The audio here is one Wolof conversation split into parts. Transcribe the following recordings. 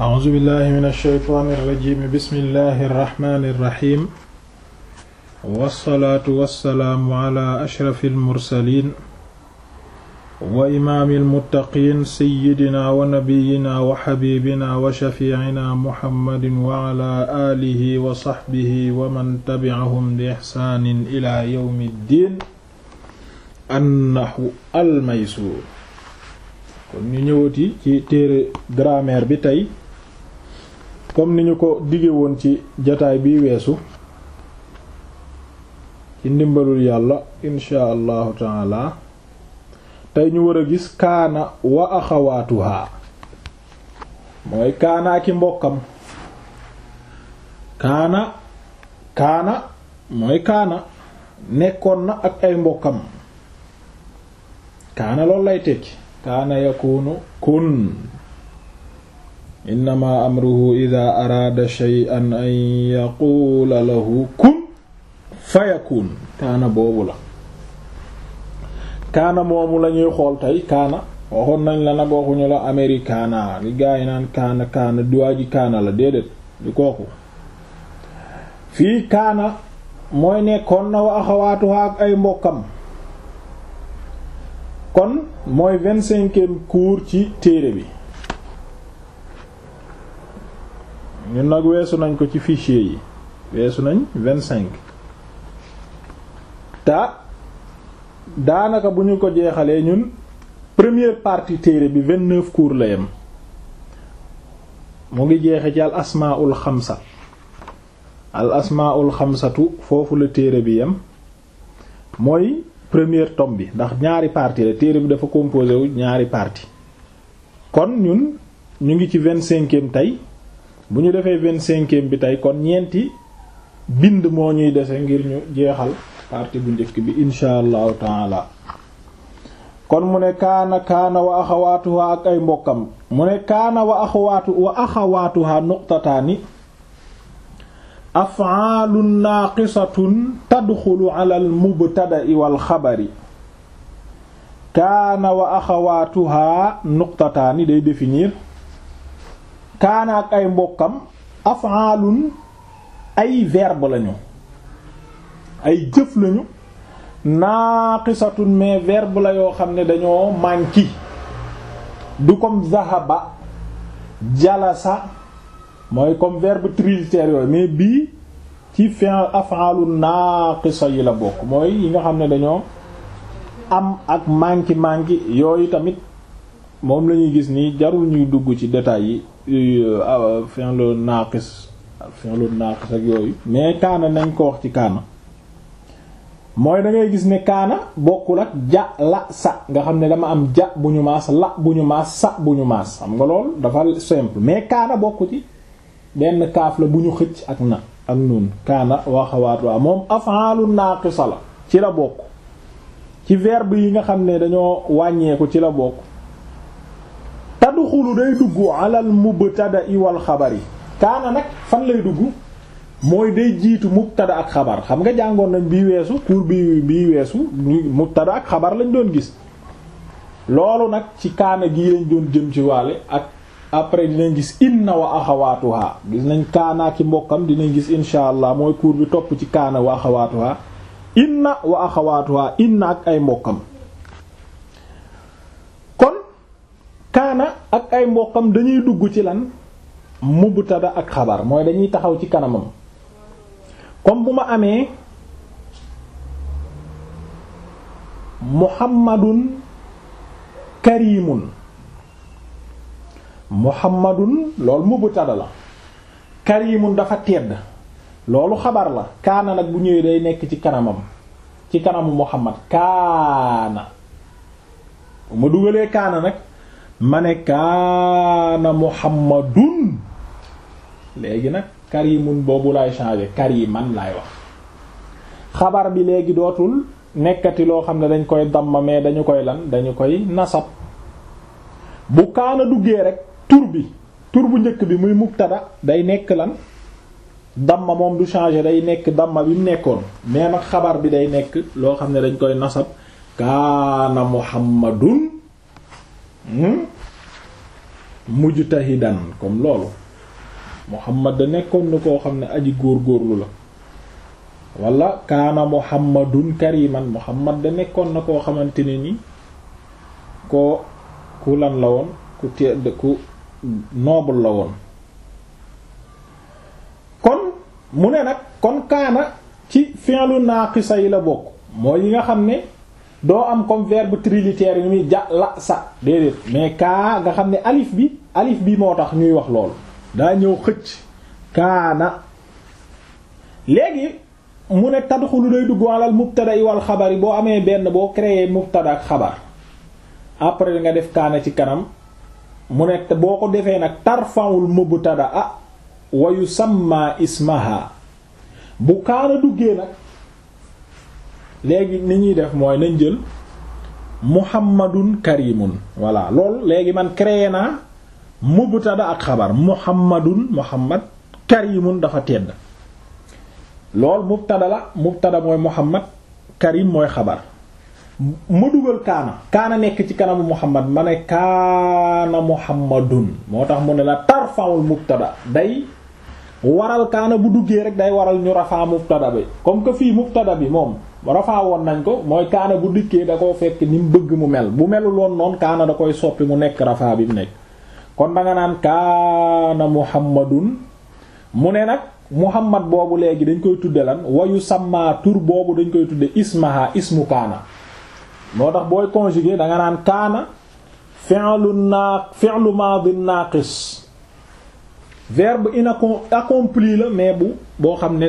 أعوذ بالله من الشيطان الرجيم بسم الله الرحمن الرحيم والصلاة والسلام على أشرف المرسلين وإمام المتقين سيدنا ونبينا وحبيبنا وشفيعنا محمد وعلى آله وصحبه ومن تبعهم بإحسان إلى يوم الدين النحو الميسور kon ñu ñëwati ci téere grammaire bi tey comme ni ñu ko dige woon ci jataay bi weesu ci ndimbalul yàlla insha allahu taala tey ñu war a gis kaana wa axawaatuhaa mooy kaana ak i mbokkam kaana kaana mooy kaana nekkoon na ak ay mbokkam kaana lool lay tekki kaana yakunu kun innama amruhu ida araada shay'an an yaquula lahu kun fayakun kaana boobu la kaana moomu la ñuy xool tey kaana waxoon nañ la nag waxuñu la amerikaana li naan kaana kaana duwaa ji kaana la déedéet du kooku fii kaana mooy nekkoon na wa axawaatuha ak ay mbokkam kon mooy vingt-cinquième cours ci téere bi ñun nag weesu nañ ko ci fichier yi weesu nañ vingt-cinq ta daanaka bu ñu ko jeexalee ñun première parti téere bi vingt-neuf cours la yem mu ngi jeexe ci al asmaul xamsa al asmaul xamsatu foofu la téere bi yem mooy première tome bi ndax ñaari parti la téere bi dafa composé wu ñaari partie kon ñun ñu ngi ci vingt-cinquième tey bu ñu defee vingt-cinquième bi tey kon ñeenti bind moo ñuy dese ngir ñu jeexal partie bu njëkk bi insha allahu taala kon mu ne kaana kaana wa axawaatuha ak ay mbokkam mu ne kaana wa axawaatuha nuqtataani af'aalun naaqisatun tadxulu ala al mubtada'i wal xabari kaana wa axawaatuha nuqtataani day définir kaana ak ay mbokkam af'alun ay verbe lañu ay jëf lañu naaqisatun mais verbe la yoo xam ne dañoo manqué du comme zahaba jalasa mooy comme verbe trilitère yooyu mais bi ci fi'l af'alun naaqisa yi la bokk mooy yi nga xam ne dañoo am ak manqué manqué yooyu tamit moom lañuy gis nii jarul ñuy dugg ci détails yi ah, fi'lu naaqis fi'lu naaqis ak yooyu mais kaana nañ ko wax ci kaana mooy dangay gis ne kaana bokkul ak ja la sa nga xam ne dama am ja bu ñu maas la bu ñu maas sa bu ñu maas xam nga lool dafa simple mais kaana bokku ci benn kaaf la bu ñu xëcc ak na ak noonu kaana waxawaat waa moom af'aalu naaqisa la ci la bokk ci verbe yi nga xam ne dañoo wàññeeku ci la bokk tadxulu day dugg alal mubtada'i wal yi kaana nag fan lay dugg mooy day jiitu mubtada ak xabar xam nga jàngoon nañ bi weesu cours bi bii weesu mubtada ak xabar lañ doon gis loolu nag ci kaana gi lañ doon jëm ci waale ak après dinañ gis inna wa axawaatuha gis nañ kaanaa ki mbokkam dinañ gis insha mooy cours bi topp ci kaana wa axawaatuha inna wa axawaatuha inna ak ay mbokkam kaana ak ay mboqam dañuy dugg ci lan mubtada ak xabar mooy dañuy taxaw ci kanamam comme bu ma amee muhammadun karimun muhammadun loolu mubtada la karimun dafa tedd loolu xabar la kaana nag bu ñëwee day nekk ci kanamam ci kanamu muhammad kaana bu ma dugalee kaana nag ma ne kaana muhammadun léegi nag karimun boobu laay changer man laay wax xabar bi léegi dootul nekkati loo xam ne dañ koy damma mais dañu koy lan dañu koy nasab bu kaana duggee rek tur bi tur bu njëkk bi muy mubtada day nekk lan damma moom du changer day nekk damma bi mu nekkoon mais nag xabar bi day nekk loo xam ne dañ koy nasab kaana muhammadun mujj hmm? mujtahidan comme loolu muhammad da nekkoon na koo xam ne aji góor-góorlu la wala kaana muhammadun kariman muhammad da nekkoon na koo xamante ne ni koo ku lan la woon ku tedd ku noble la woon kon mu ne nag kon kaana ci naa naaqisa yi la bokk mooy yi nga xam ne doo am comme verbe trilitère yu muy ja la sa déedéet mais kaa nga xam ne alif bi alif bi moo tax ñuy wax loolu daa ñëw xëcc kaana léegi mu ne tadxulu day dugg alal mubtada wal xabar yi boo amee benn boo créer mubtada ak xabar après nga def kaana ci kanam mu ne boo ko defee nag tarfa'ul mubtada a wa yusamma ismaha bu kaana duggee nag léegi ni ñuy def mooy nañ jël muhammadun karimun voilà lool léegi man créé naa mubtada ak xabar muhammadun muhammad karimun dafa tedd lool mubtada la mubtada mooy muhammad karim mooy xabar ma dugal kaana kaana nekk ci kanamu muhammad ma ne kaana muhammadun moo tax mu ne la tarfa'ul mubtada day waral kaana bu duggee rek day waral ñu rafaa mubtada bi comme que fii mubtada bi moom rafaa woon nañ ko mooy kaana bu dikkee da koo fekk ni mu bëgg mu mel bu melul woon noonu kaana da koy soppi mu nekk rafaa bi mu nekk kon da nga naan kaana muhammadun mu ne nag muhammad boobu léegi dañ koy tudde lan wayu sàmmaa tur boobu dañ koy tudde ismaha ismu kaana moo tax booy conjugué da nga naan kaana fi'lu na fi'lu maadi naaqis verbe inaccompli la mais bu boo xam ne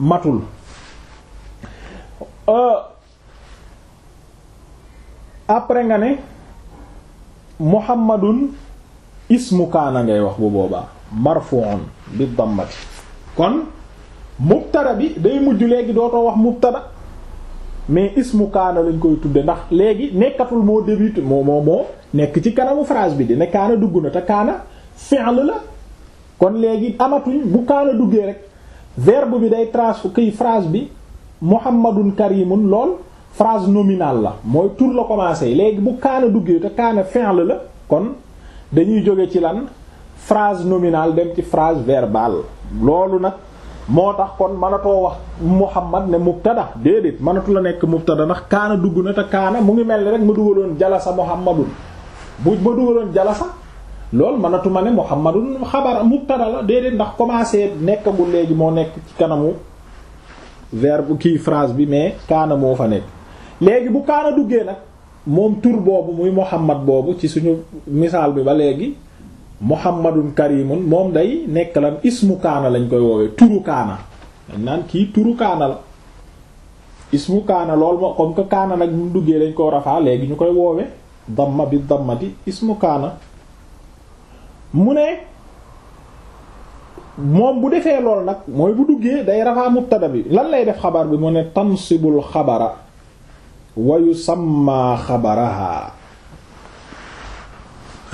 matul Euh, après nga ne muhammadun ismu kaana ngay wax bu boobaa marfu'un bi dammati kon mubtada bi day mujj léegi doo dootoo wax mubtada mais ismu kaana lañ koy tudde ndax léegi nekkatul moo début moo moo nekk ci kanamu phrase bi dina kaana dugg na te kaana fi'l la kon léegi amatuñ bu kaana duggee rek verbe bi day trans kii phrase bi muhammadun karimun lool phrase nominal la mooy tur la commencé léegi bu kaana duggee te kaana fi'l la kon dañuy jóge ci lan phrase nominal dem ci phrase verbale loolu nag moo tax kon mënatoo wax muhammad ne mubtada déedéet mënatu la nekk mubtada ndax kaana dugg na te kaana mu ngi mel ni rek ma dugaloon jalasa muhammadun bu ma dugaloon jalasa loolu mënatuma ne muhammadun xabar mubtada la déedéet ndax commencé nekkagul léegi moo nekk ci kanamu verbe kii france bi mais kaana moo fa nekk léegi bu kaana duggee nag moom tur boobu muy Muhammad boobu ci suñu misaal bi ba léegi Muhammadun karimun moom day nekk la ismu kaana lañ koy woowee turu kaana dañ naan kii turu kaana la ismu kaana lool moo comme que kaana nag mu duggee lañ ko rafaa léegi ñu koy woowe damma bi dammati ismu kaana mu ne moom bu defee loolu nag mooy bu duggee day rafaa mubtada bi lan lay def xabar bi mu ne tansibul xabara wa yusamma xabara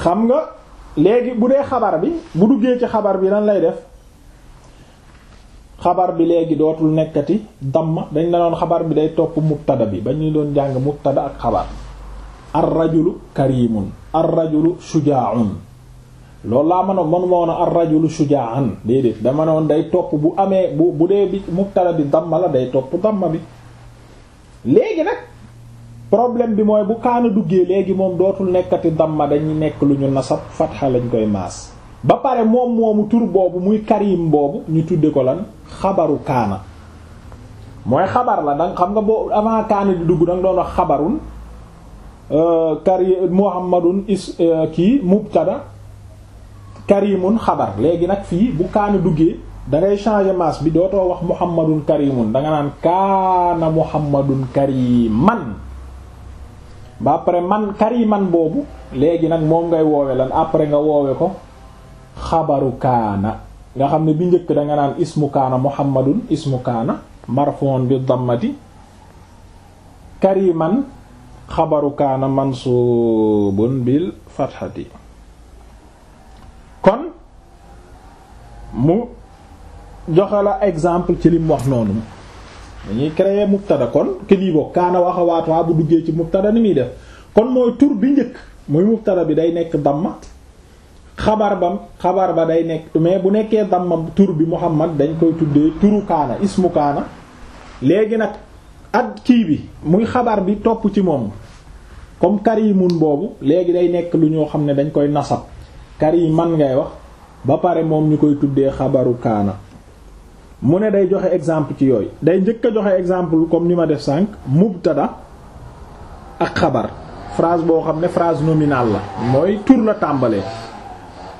xam nga léegi bu dee xabar bi bu duggee ci xabar bi lan lay def xabar bi léegi dootul nekkati dàmm dañ la doon xabar bi day topp mubtada bi ba ñu doon jàng mubtada ak xabar ar rajulu karimun ar rajulu shujaa'un loolu laa mënoon mënuma woon ar rajulu shuja'an déedéet dama ne woon day topp bu amee bu bu dee bi mubtala bi damma la day topp damma bi léegi nag problème bi mooy bu kaana duggee léegi moom dootul nekkati dama dañuy nekk lu ñu nasab fatxa lañ koy maas ba pare moom moomu tur boobu muy karim boobu ñu tudde ko lan xabaru kaana mooy xabar la danga xam nga boo avant kaana di dugg danga doon wax xabarun euh, kari muhammadun is euh, kii mubtada karimun xabar léegi nag fii bu kaana duggee da ngay changer maas bi dootoo wax muhammadun karimun da nga naan kaana muhammadun kariman ba après man kariman boobu léegi nag moom ngay woowe lan après nga woowe ko xabaru kaana nga xam ne bi njëkk da nga naan ismu kaana muhammadun ismu kaana marfon bi dammati kariman xabaru kaana mansubun bil fathati mu joxe la exemple ci lim wax noonu dañuy créer mubtada kon ki lii kaana wax waa bu duggee ci mubtada ni muy def kon mooy tur bi njëkk muy mubtada bi day nekk damma xabar ba xabar ba day nekk mais bu nekkee damma tur bi Muhammad dañ koy tuddee turu kaana ismu kaana léegi nag at kii bi muy xabar bi topp ci moom comme yi mun boobu léegi day nekk lu ñoo xam ne dañ koy nasab man ngay wax ba pare moom ñu koy tuddee xabaru kaana mu ne day joxe exemple ci yooyu day njëkk a joxe exemple comme ni ma def sànq mubtada ak xabar frase boo xam ne phrase nominale la mooy tur la tàmbalee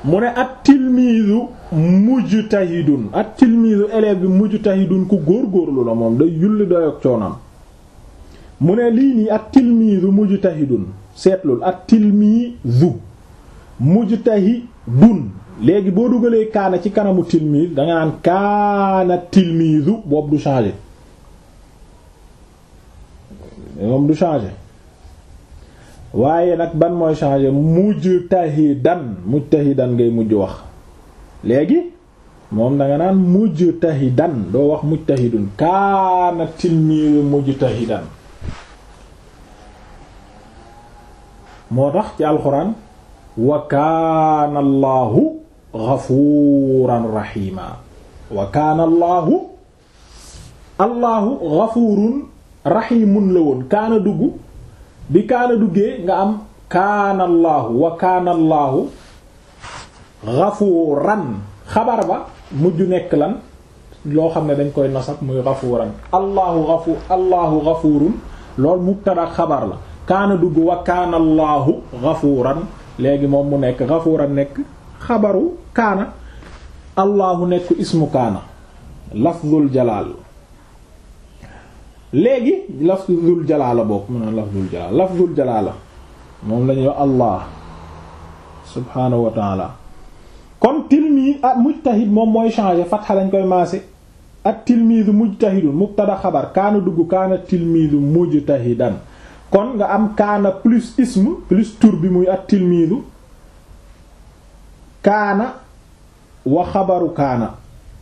mu ne at tilmiizu mujtahidun at tilmiizu élève bi mujj mujtahidun ku góorlu la moom day yulli doyog coonam mu ne lii nii at tilmiizu mujtahidun seetlul at tilmiizu mujtahidun léegi boo dugalee kaana ci kanamu tilmiis danga naan kaana tilmiisu boobu du changer moom du changer waaye nag ban mooy changer mujtahidan mujtahidan ngay mujj wax léegi moom danga naan mujtahidan doo wax mujtahidun kaana tilmiisu mujtahidan moo tax ci alxuraan wa kaana allahu ghafuuran rahiima wa kaana allahu allahu ghafuurun rahiimun la woon kaana dugg bi kaana duggee nga am kaana allahu wa kaana allahu ghafuuran xabar ba mujj nekk lan loo xam ne dañ koy nasab muy ghafuuran allahu ghafuur allahu ghafuurun loolu mubtada xabar la kaana dugg wa kaana allahu ghafuuran léegi moom mu nekk ghafuuran nekk xabaru kaana allahu nekk ismu kaana lafzul jalaal léegi lafzul jalaala bokk mu ne lafzul jalaala lafzul jalaala moom lañuy wax allah subhaanahu wa taala kon tilmiid ak ah, mujtahid moom mooy changer fatxa lañ koy maase ak tilmiidu mujtahidun mubtada xabar kaana dugg kaana tilmiidu mujtahidan kon nga am kaana plus ism plus tur bi muy ak tilmiidu kaana wa xabaru kaana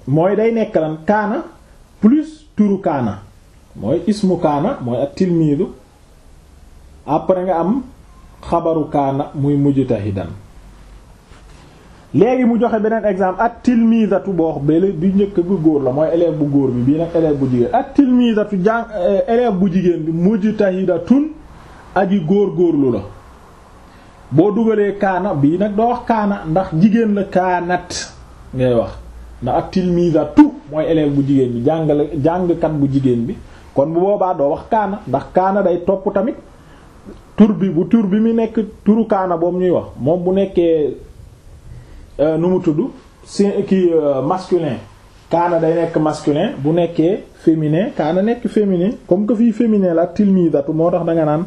mooy day nekk lan kaana plus turu kaana mooy ismu kaana mooy ak tilmiidu après nga am xabaru kaana muy mujtahidan léegi mu joxe beneen exemple at tilmiizatu boo xam ne bi njëkk bu góor la mooy élève bu góor bi bii nag élève bu jigéen at tilmiizatu jàng euh, élève bu jigéen bi mujtahidatun aji góor góorlu la boo dugalee kaana bii nag doo wax kaana ndax jigéen la kaanat ngay wax ndax ak tilmisa mooy élève bu jigéen bi jàngale jàngkat bu jigéen bi kon bu boobaa doo wax kaana ndax kaana day tokk tamit tur bi bu tur bi muy nekk turu kaana boobu ñuy wax moom bu nekkee euh, nu mu tudd si ki euh, masculin kaana day nekk masculin bu nekkee féminin kaana nekk féminin comme que fii féminin la ak tilmisatu moo tax danga naan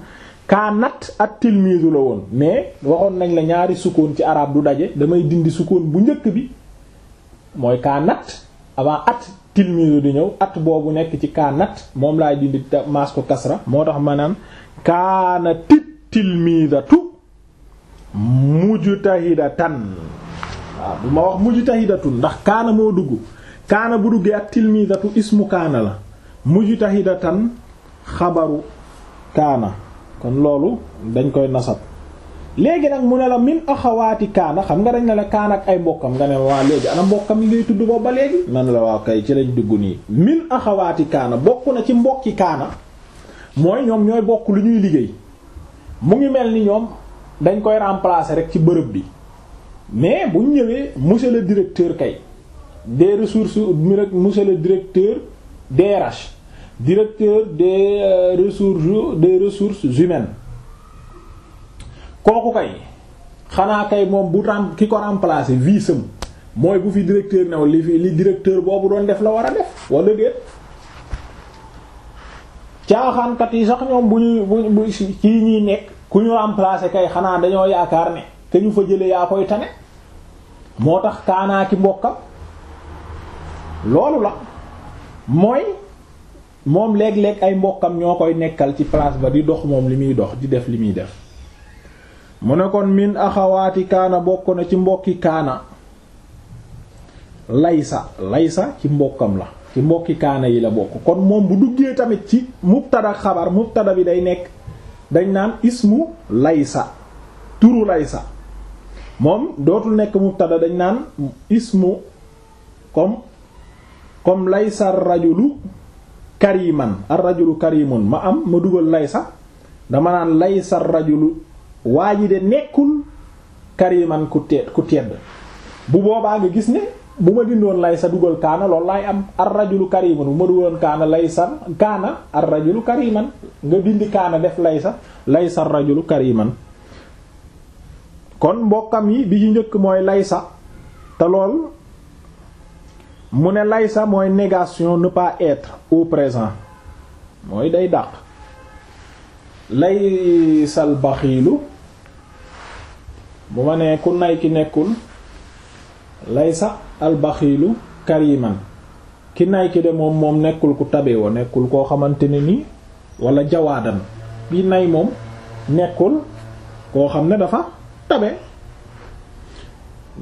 kaanat at tilmiidu la woon mais waxoon nañ la ñaari sukkoon ci arab du daje damay dindi sukkoon bu njëkk bi mooy kaanat avant at tilmiidu di ñëw at boobu nekk ci kaanat moom laay dindi maas kasra moo tax ma naan kaanatit tilmiidatu mujtahidatan waaw bu ma wax mujtahidatu ndax kaana moo dugg kaana bu duggee at tilmiidatu ismu kaana la mujtahidatan xabaru kaana kon loolu dañ koy nasab léegi nag mu ne la min axawaati kaana xam nga dañ ne la kaan ak ay mbokkam nga ne waa léegi ana mbokkam yi ngay tudd boobu ba léegi man la waa kay ci lañ dugg nii min axawaati kaana bokk na ci mbokki kaana mooy ñoom ñooy bokk lu ñuy liggéey mu ngi mel ni ñoom dañ koy remplacer rek ci bërëb bi mais bu ñu ñëwee monsieur le directeur kay des ressources mi rek monsieur le directeur DRH directeur des euh, ressources des ressources humaines kooku kay xanaa kay moom bu ram ki ko remplacer vice mooy bu fi directeur new li fi li directeur boobu doon def la war a def wala déet caaxaankat yi sax ñoom bu ñuy bu kii ñuy nekk ku ñu remplacer kay xanaa dañoo yaakaar ne te ñu fa jële yaa koy tane moo tax kaanaa ki mbokkam loolu la mooy moom léeg-léeg ay mbokkam ñoo koy nekkal ci place ba di dox moom li muy dox di def li muy def mu ne kon min axawaati kaana bokk na ci mbokki kaana laysa laysa ci mbokkam la ci mbokki kaana yi la bokk kon moom bu duggee tamit ci mubtada xabar mubtada bi day nekk dañ naan ismu laysa turu laysa moom dootul nekk mubtada dañ naan ismu comme comme laysa rajulu kariman ar-rajulu karimun ma am ma dugal laysa dama naan laysa ar-rajulu waa ji de nekkul kariman ku tedd ku tedd bu boobaa nga gis ne bu ma dindoon laysa dugal kaana loolu laay am ar-rajulu kariman bu ma dugaloon kaana laysa kaana ar-rajulu kariman nga dindi kaana def laysa laysa ar-rajulu kariman kon mbokkam yi bi ci njëkk mooy laysa te lool mu ne laysa mooy négation ne pas être au présent mooy day dàq laysal baxiilu bu ma nee ku nay ki nekkul laysa al baxiilu kariman ki nay ki de moom moom nekkul ku tabe wa nekkul koo xamante ne nii wala jawaadan bi nay moom nekkul koo xam ne dafa tabe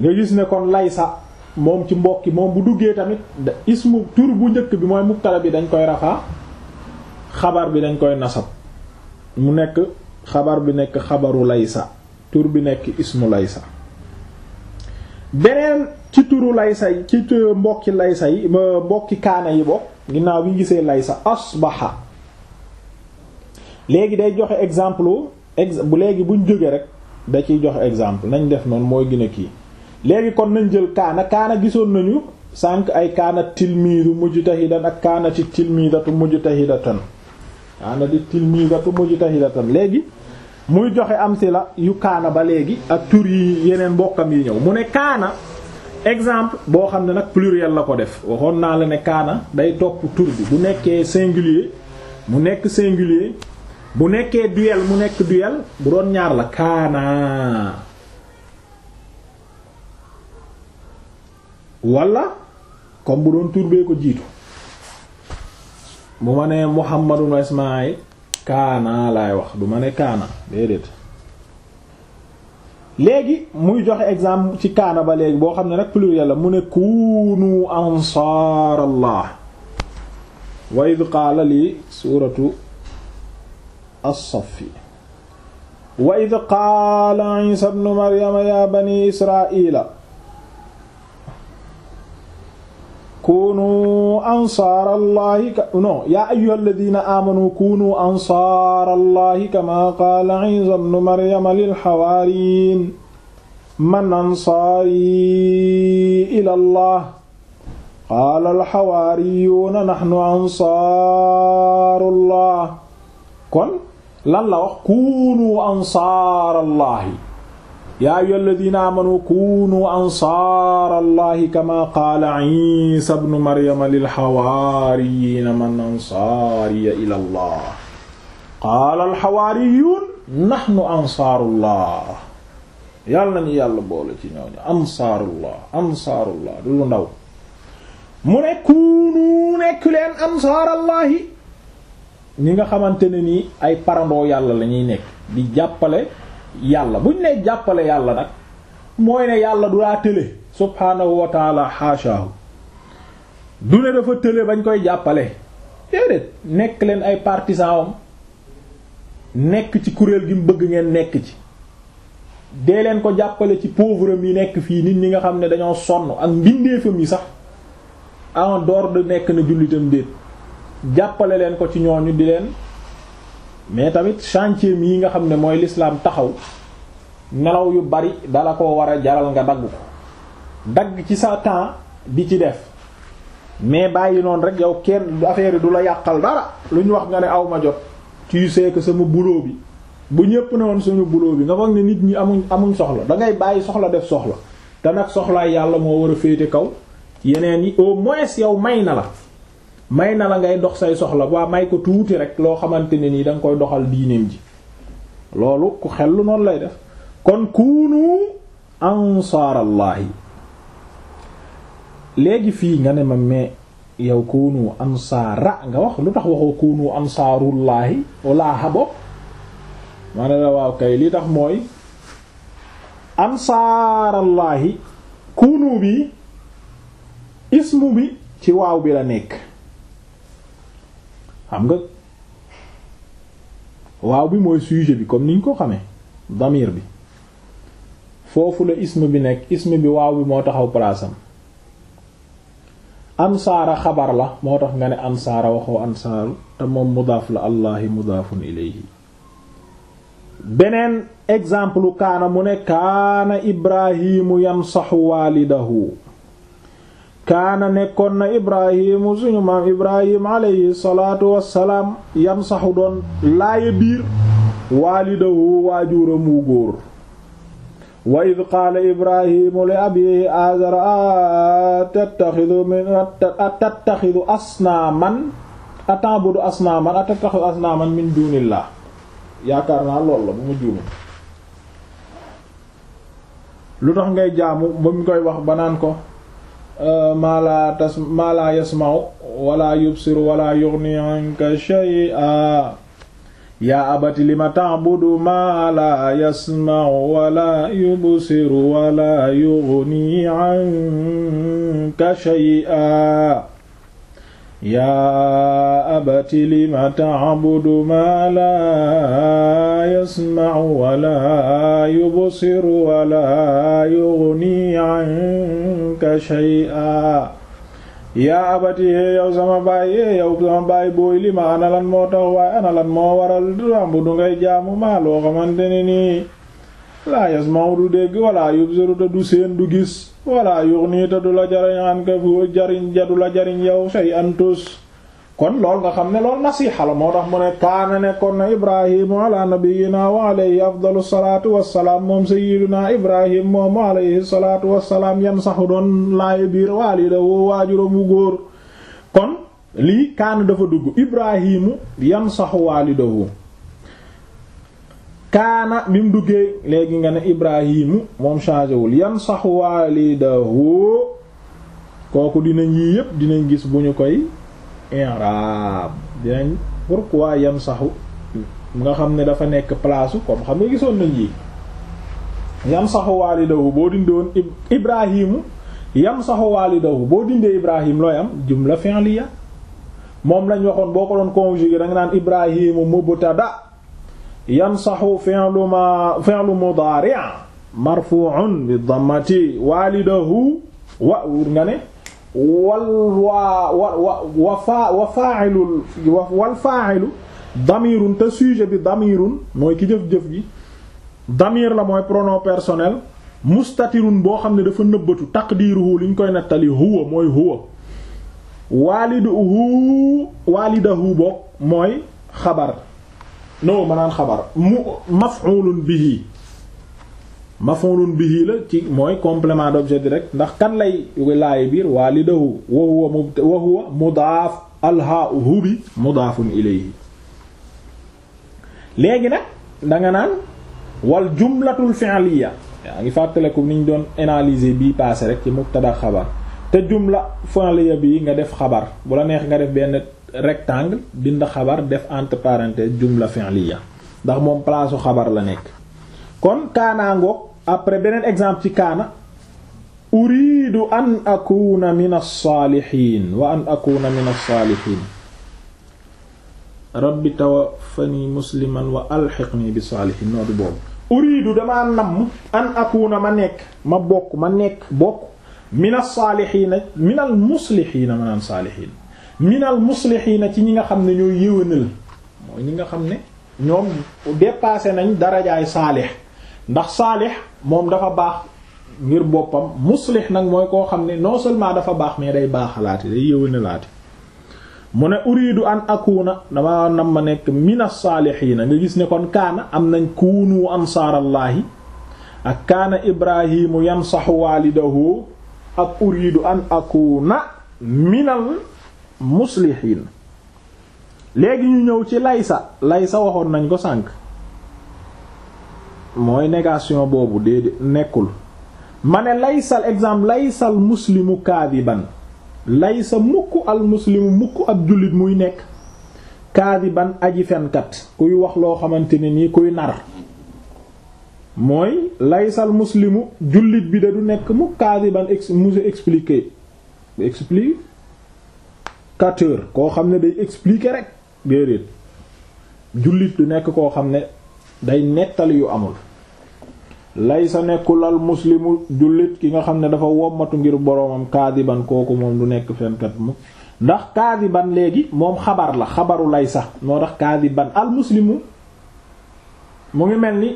nga gis ne kon laysa moom ci mbokki moom bu duggee tamit ismu tur bu njëkk bi mooy mubtala bi dañ koy rafaa xabar bi dañ koy nasab mu nekk xabar bi nekk xabaru laysa tur bi nekk ismu laysa beneen ci turu laysa yi ci mbokki laysa yi mbokki kaana yi bokk ginnaaw bi ñu gisee laysa asbaha léegi day joxe exemple ex bu léegi buñ jógee rek da ciy joxe exemple nañ def noonu mooy gën kii léegi kon nañ jël kaana kaana gisoon nañu sànq ay kaana tilmiidu mujtahidan ak kaana ci tilmiidatu mujtahidatan kaana di tilmiidatu mujtahidatan léegi muy joxe am si la yu kaana ba léegi ak tur yi yeneen mbokkam yi ñëw mu ne kaana exemple boo xam ne nag pluriel la ko def waxoon naa la ne kaana day topp tur bi bu nekkee singulier mu nekk singulier bu nekkee duel mu nekk duel bu doon ñaar la kaana wala comme bu doon tur bee ko jiitu bu ma nee Muhammadun Ismaayil kaana laay wax du ma ne kaana déedéet léegi muy joxe exemple ci kaana ba léegi boo xam ne nag pluriel la mu ne kuunu ansaar allah wa id qaala li suratu as-Saff wa id qaala Isa ibnu Maryama ya bani Israila kunu ansaarallahi ka non yaa ayyuhalladhina amanu kunu ansaarallahi kama qaala Isa ibnu Maryama lil hawaariyin man ansaari ilallah qaala alxawaariyuuna naxnu ansaarullah kon lan la wax kunu ansaarallahi yaa ayyuha alladina amanu kunu ansaar allahi kama qaala isa bnu maryama lilxawaariyina man ansaariya ila allah qaala alxawaariyun nahnu ansaarullah yàlla nañu yàlla boole ci ñooñu ansaarullah ansaarullah du lu ndaw mu ne kuunu nekk leen ansaarallahi ñi nga xamante ne nii ay parandoo yàlla la ñuy nekk di jàppale yàlla bu ñu nee jàppale yàlla nag mooy ne yàlla du laa tële subhaanahu wa taala haashaahu du ne dafa tële bañ koy jàppale déedéet nekk leen ay partisans am nekk ci kuréel gi mu bëgg ngeen nekk ci dee leen ko jàppale ci pauvre yi nekk fii nit ñi nga xam ne dañoo sonn ak mbindeefam yi sax en dehors de nekk na jullitam déet jàppale leen ko ci ñooñu di leen mais tamit chantier yi nga xam ne mooy lislaam taxaw nelaw yu bari dala ko war a jaral nga dagg ko dagg ci sa temps bi ci def mais bàyyi noonu rek yow kenn affaire du la yàqal dara lu ñu wax nga ne aw ma jot tu sais sama boulot bi bu ñépp ne woon suñu boulot bi nga foog ne nit ñi amuñ amuñ soxla da ngay bàyyi soxla def soxla te nag soxlaay yàlla moo war a féete kaw yeneen yi au moins yow may na la may na la ngay dox say soxla waa may ko tuuti rek loo xamante ne nii da koy doxal diineem ji loolu ku xel lu noonu lay def kon kuunu ansaarallahi léegi fii nga ne ma mais yow kuunu ansaara nga wax lu tax waxoo kuunu ansaarullahi wala habo ma la waaw kay li tax mooy ansaarallahi kuunu bi ismu bi ci waaw bi la nekk xam nga waaw bi mooy sujet bi comme niñ ko xamee damir bi foofu la ism bi nekk ism bi waaw bi moo taxaw palaasam ansaara xabar la moo tax nga ne ansaara waxoo ansaaru te moom mudaaf la allahi mudaafun ilayhi beneen exemple kaana mu ne kaana ibrahimu yansaxu waalidahu kaana nekkoon na ibrahimu suñu maam ibrahim alayhi salaatu wassalaam yan saxu doon laaya biir waalidahu waajuuram wu góor wa id qaala ibrahimu li abiihi aazara a tattaxidu min a tattaxidu asnaaman a ta'budu asnaaman a tattaxidu asnaaman min duunillah yaakaar naa lool la bu ma juumee lu tax ngay jaamu ba mu koy wax banaan ko Euh, maa laa tas maa laa yasma'u wala yubsiru wala yughni anka shay'a yaa abati lima ta'budu maa laa yasma'u wala yubsiru wala yughni anka shay'a yaa abati lima ta'budu ma laa yasma'u wa laa yubsiru wa laa yughni 'anka shay'a yaa abati hee yow sama baay hee yow sama baay booy lima ana lan moo tax waaye ana lan moo waral ta'budu ngay jaamu maa loo xamante ne nii laa yasma'u du dégg walla yubsiru te du seen du gis walla yughni te du la jariñ an ka fu jariñ ja du la jariñ yow shay'an tus kon lool nga xam ne lool nasiixa la moo tax mu ne kaana nekkoon na ibraahimu ala nabiyyina wa alayhi afdalu salaatu salaam moom sayyiduna ibrahim moom alayhi salaatu wassalaam yan saxu doon laay biir waalidahu waajuram wu góor kon lii kaana dafa dugg ibrahimu yan saxu waalidahu kaana bi mu duggee léegi nga ne ibrahimu moom changé wul yan sax waalidahu kooku dinañ yii yépp dinañ gis bu ñu koy i'rab dinañ pourquoi yan saxu nga xam ne dafa nekk place comme xam nga gisoon nañ yi yan saxu waalidahu boo dindoon ibrahimu yan saxu waalidahu boo dindee ibrahim looy am jumla fi'liya moom lañu waxoon boo ko doon conjuguer da nga naan ibrahimu mubtada yansaxu fi'lu ma fi'lu mudaari' marfu'un bi dammati waalidahu wa nga ne wal waa wa wa faa'ilu wal faa'ilu damirun te sujet bi damirun mooy ki jëf-jëf gi damir la mooy pronom personnel mustatirun boo xam ne dafa nëbbatu taqdiruhu li ñu koy nettali huwa mooy huwa waaliduhu waalidahu boog mooy xabar no ma naan xabar mu maf'ulun bihi maf'ulun bihi la ci mooy complément d'objet direct ndax kan lay laay biir walidahu wa huwa wa huwa mudaaf alhaa'u hu bi mudaafun ilayhi léegi nag danga naan wal jumlatul fi'liya yaa ngi ni ñu doon analyser bii passé rek ci mubtada xabar te jumla fi'liya bii nga def xabar bu la neex nga def benn rectangle bind xabar def entre parenthèse jumla fi'liya ndax moom palaasu xabar la nekk kon kaanaa ngoog après beneen exemple ci kaana uridu an akuna min as-salihin wa an akuna min as-salihin rabbi tawaffani musliman wa alhiqni bi salihin noodu boobu uridu damaa namm an akuna ma nekk ma bokk ma nekk bokk min as-salihin min al-muslihin ma naan minal muslihiina ci ñi nga xam ne ñooy yéwénal mooy ñi nga xam ne ñoom dépassé nañ darajaay saalix ndax saalix moom dafa baax ngir boppam muslix nag mooy koo xam ne noo seulement dafa baax mais day baaxalaate day yéwénalaate mu ne uridu an akuna dama nam ma nekk mina saalihiina nga gis ne kon kaana am nañ kuunu ansaarallaahi ak kaana ibrahimu yansaxu waalidahu ak uridu an akuna minal muslihin léegi ñu ñëw ci laysa laysa waxoon nañ ko sànk mooy négation boobu de nekkul ma ne laysal exemple laysal muslimu kaadiban laysa mukk al muslimu mukk ab jullit muy nekk kaadiban aji fenkat kuy wax loo xamante ne nii kuy nar mooy laysal muslimu jullit bi da du nekk mu kaadiban ex mu expliqué explique éducateur koo xam ne day expliquer rek déedéet jullit du nekk koo xam ne day nettali yu amul lay sa nekkul al muslimu jullit ki nga xam ne dafa womatu ngir boroomam kaadiban kooku moom du nekk fenkat mu ndax kaadiban léegi moom xabar la xabaru lay sax moo tax kaadiban al muslimu mu ngi mel ni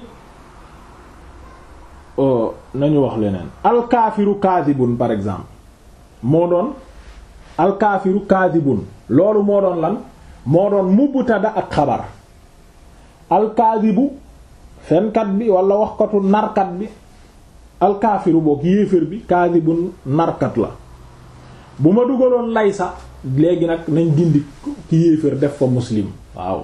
euh, nañu wax leneen alkaafiru kaafiru par exemple moo doon alkaafiru kaadibun loolu moo doon lan moo doon mubtada ak xabar alkaadibu fenkat bi wala waxkatu narkat bi alkaafiru boog yéefér bi kaadibun narkat la bu ma dugaloon laysa léegi nag nañ dindi ki yéefér def fa muslim waaw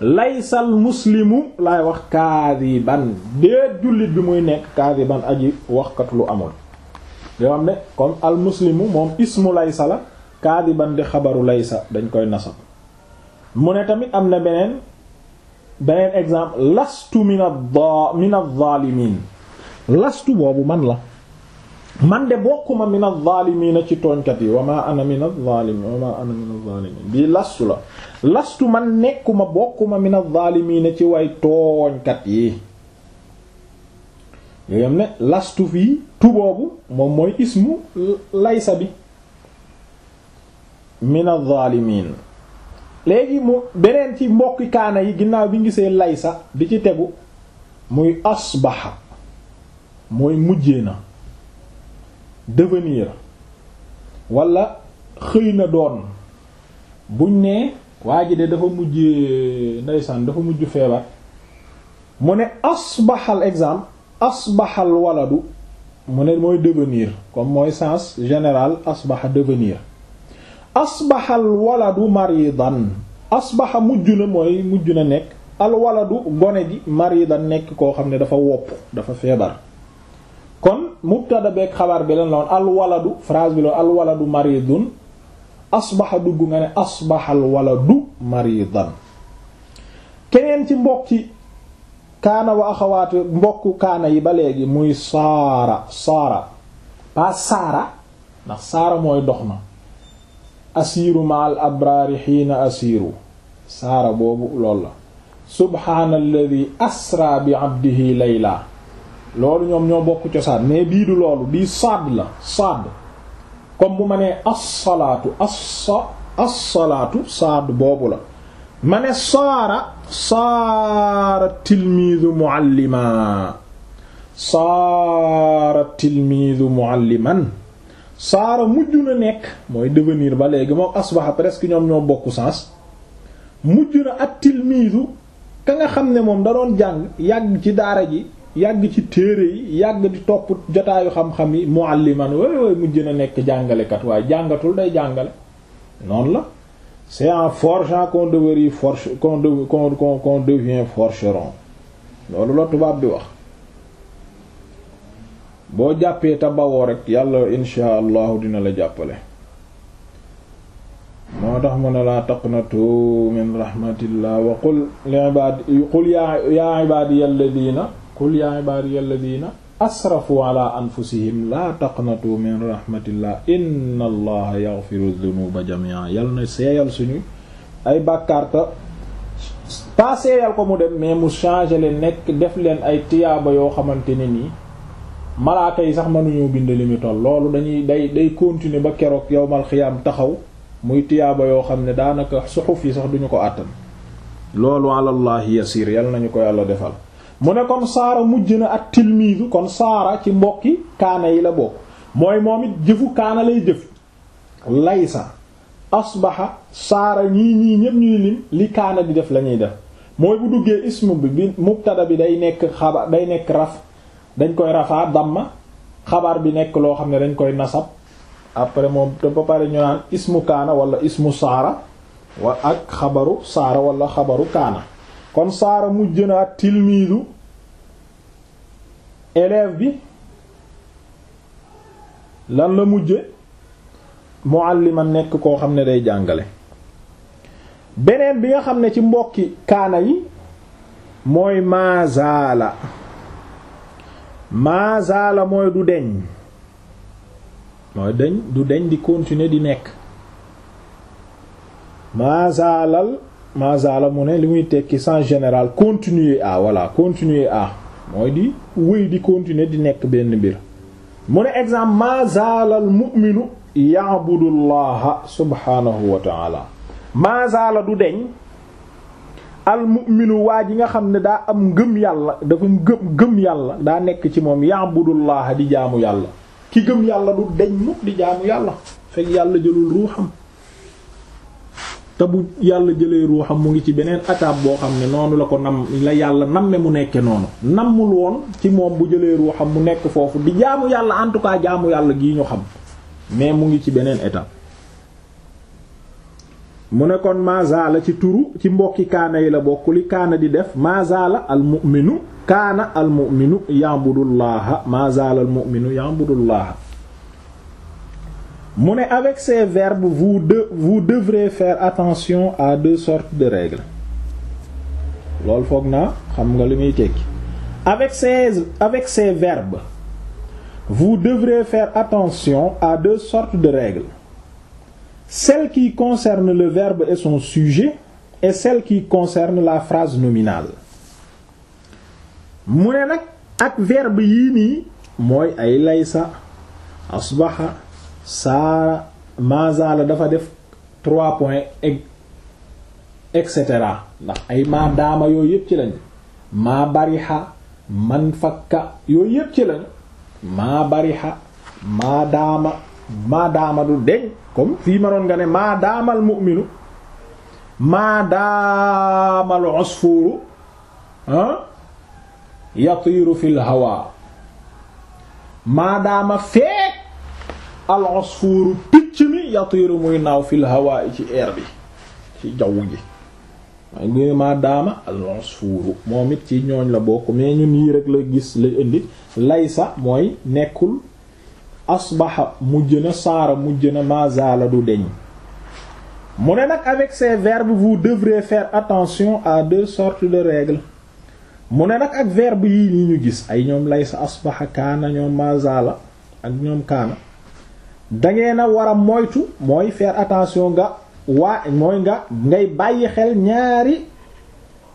laysal muslimu lay wax kaadiban déet jullit bi muy nekk kaadiban aji waxkat lu amul yoo xam ne al muslimu moom ismu laysa la kaadiban di xabaru laysa dañ koy nasab mu ne tamit am na beneen beneen exemple lastu min ad min az-zalimin lastu boobu man la man de bokkuma min az-zalimin ci tooñkat yi wa ma ana min az-zalimin wa ma ana min az-zalimin bii lastu la lastu man nekkuma bokkuma min az-zalimin ci way tooñkat yi yooyu am ne lastu fii tu boobu moom mooy ismu laysa bi min az-zaalimiin léegi mu beneen ci mbokki kaana yi ginnaaw bi ñu gisee laysa bi ci tegu muy asbaxa mooy mujjee na devenir wala xëy na doon buñ ne waa ji de dafa mujjee ndeysaan dafa mujj feebar mu ne asbaxal exemple asbaxal waladu mu ne mooy devenir comme mooy sens général asbaxa devenir asbaxa al waladu maridan asbaxa mujj na mooy mujj na nekk al waladu gone ji maridan nekk koo xam ne dafa wopp dafa feebar kon mubtada beeg xabaar bi lan bi loon al waladu maridun asbaxa dugg nga ne asbaxa al waladu maridan keneen ci mbokk ci kaana wa axawaatu mbokku kaana yi ba léegi muy saara saara pas saara ndax saara mooy dox na asiiru ma al abraari xiina asiiru saara boobu lool la subhaanalladi asra bi abdihi layla loolu ñoom ñoo bokk cosaan mais bii du loolu bii saad la saad comme bu ma nee assalaatu assa assalaatu saad boobu la ma ne saara saara tilmiidu muallima saara saara mujj na nekk mooy devenir ba léegi moom asbaxa presque ñoom ñoo bokku sens mujj na ak tilmiidu ka nga xam ne moom da doon jàng yàgg ci daara ji yàgg ci téere yi yàgg di topp jotaayu xam-xam yi mualliman waay waay mujj na nekk jàngalekat waaye jàngatul day jàngale noonu la c'est en forgeant qu'on devient forge qu'on qu'on qu'on devient forgeron loolu la tubaab bi wax boo jàppee te bawoo rek yàlla insha allahu dina la jàppale moo tax mu ne laa taqnatu min rahmatillah wa qul li ibaad qul yaa yaa ibaadiya yaa ibaadiya seeyal suñu ay bàkkaarta pas ko mu dem mais mu changer leen nekk def leen ay tiyaaba yoo xamante ne nii malaaka yi sax mënuñoo bind li mu toll loolu dañuy day day continuer ba keroog yowmal xiyaam taxaw muy tiyaaba yoo xam ne daanaka suxuf yi sax duñu ko àttan loolu alallahi yasiir yal nañu ko yàlla defal mu ne kon saara mujj na ak tilmiisu kon saara ci mbokki kaana yi la bokk mooy moom it jëfu kaana lay jëf laysa asbaxa saara ñii ñii ñépp ñuy lim li kaana bi def lañuy def mooy bu duggee ismu bi bi mubtada bi day nekk raf dañ koy rafaa damma xabaar bi nekk loo xam ne dañ koy nasab après moom te ba pare ñu naan ismu kaana wala ismu saara wa ak xabaru saara wala xabaru kaana kon saara mujj na ak tilmiidu bi lan la mujje mualliman nekk koo xam ne day jàngale beneen bi nga xam ne ci mbokki kaana yi mooy maazaala maazaala mooy du deñ mooy deñ du deñ di continuer di nekk maazaalal maazaala mu ne li muy tekki sens général continuer à voilà continuer à mooy di wéy di continuer di nekk benn mbir mu ne exemple maazaalal mu'minu ya'budullaha subhaanahu wa ta'ala maazaala du deñ almu'minu waa ji nga xam ne daa am gëm yàlla dafa gëm gëm yàlla daa nekk ci moom yaam bu dul laax di jaamu yàlla ki gëm yàlla du deñ mukk di jaamu yàlla fekk yàlla jëlul ruuxam te bu yàlla jëlee ruuxam mu ngi ci beneen étape boo xam ne noonu la ko nam la yàlla namme mu nekkee noonu nammul woon ci moom bu jëlee ruuxam mu nekk foofu di jaamu yàlla en tout cas jaamu yàlla gii ñu xam mais mu ngi ci beneen étape mu ne kon mazala ci turu ci mbokki kaana yi la bokkuli kaana di def mazala al mu'minu kaana al mu'minu ya'budullaha mazala al mu'minu ya'budullaha mu ne avec ces verbes vous de vous devrez faire attention à deux sortes de règles loolu foog naa xam nga li muy tekki avec ces avec ces verbes vous attention à deux sortes de celle qui concerne le verbe et son sujet et celle qui concerne la phrase nominale mu ne nag ak verbe yii nii mooy ay laysa asbaha saara mazala dafa def trois points et et cetera ndax ay ma daama yooyu ci lañ ma bariha man yëpp ci lañ ma bariha ma du deñ comme fii mënoon nga ne maa daamal mu'minu maa daamal usfuru ah yatiiru fil hawa maa daama feek al usfuru picc mi yatiiru muy naaw fil hawa ci air bi ci jaww ji maa ngi maa daama moom it ci ñooñ la bokk mais ñun yii rek la gis lay indi laysa mooy nekkul asbaxa mujj na saara mujj na mazala du deñ mu ne nag avec ces verbes vous devrez faire attention à de sortes de règles mu ne nag ak verbe yi ni ñu gis ay ñoom lay sa asbaxa kaana ñoom mazala ak ñoom kaana dangeen a war moytu mooy faire attention nga waa mooy nga ngay bàyyi xel ñaari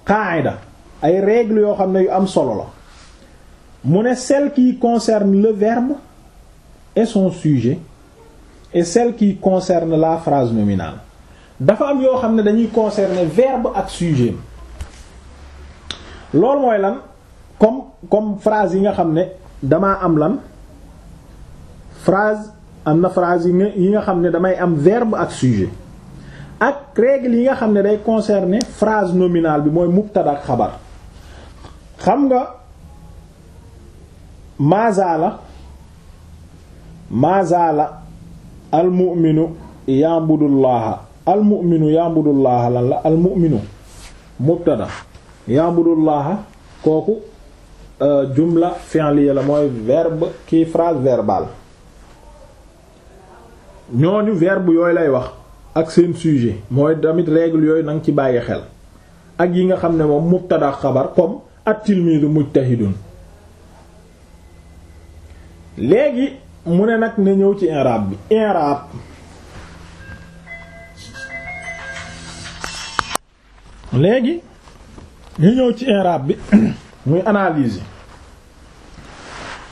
qaida ay règles yoo xam ne yu am solo la mu ne celle qui concerne le verbe et son sujet et celle qui concerne la phrase nominale dafa am yoo xam ne dañuy concerner verbe ak sujet loolu mooy lan comme comme phrase yi nga xam ne damaa am lan phrase am na phrase yi nga xam ne damay am verbe ak sujet ak règle yi nga xam ne day concerner phrase nominale bi mooy mubtada ak xabar xam nga maza la mazaala almu'minu ya'budullaha almu'minu ya'budullaha lan la almu'minu mubtada ya'budullaha kooku euh, jumla fi'liya la mooy verbe kii phrase verbale ñooñu verbe yooyu lay wax ak seen sujet mooy tamit règle yooyu nang ci bàyyi xel ak yi nga xam ne moom mubtada xabar comme at-tilmidu mujtahidun léegi mu ne nag ne ñëw ci inraab bi inraab léegi ñu ñëw ci inraab bi muy analyse yi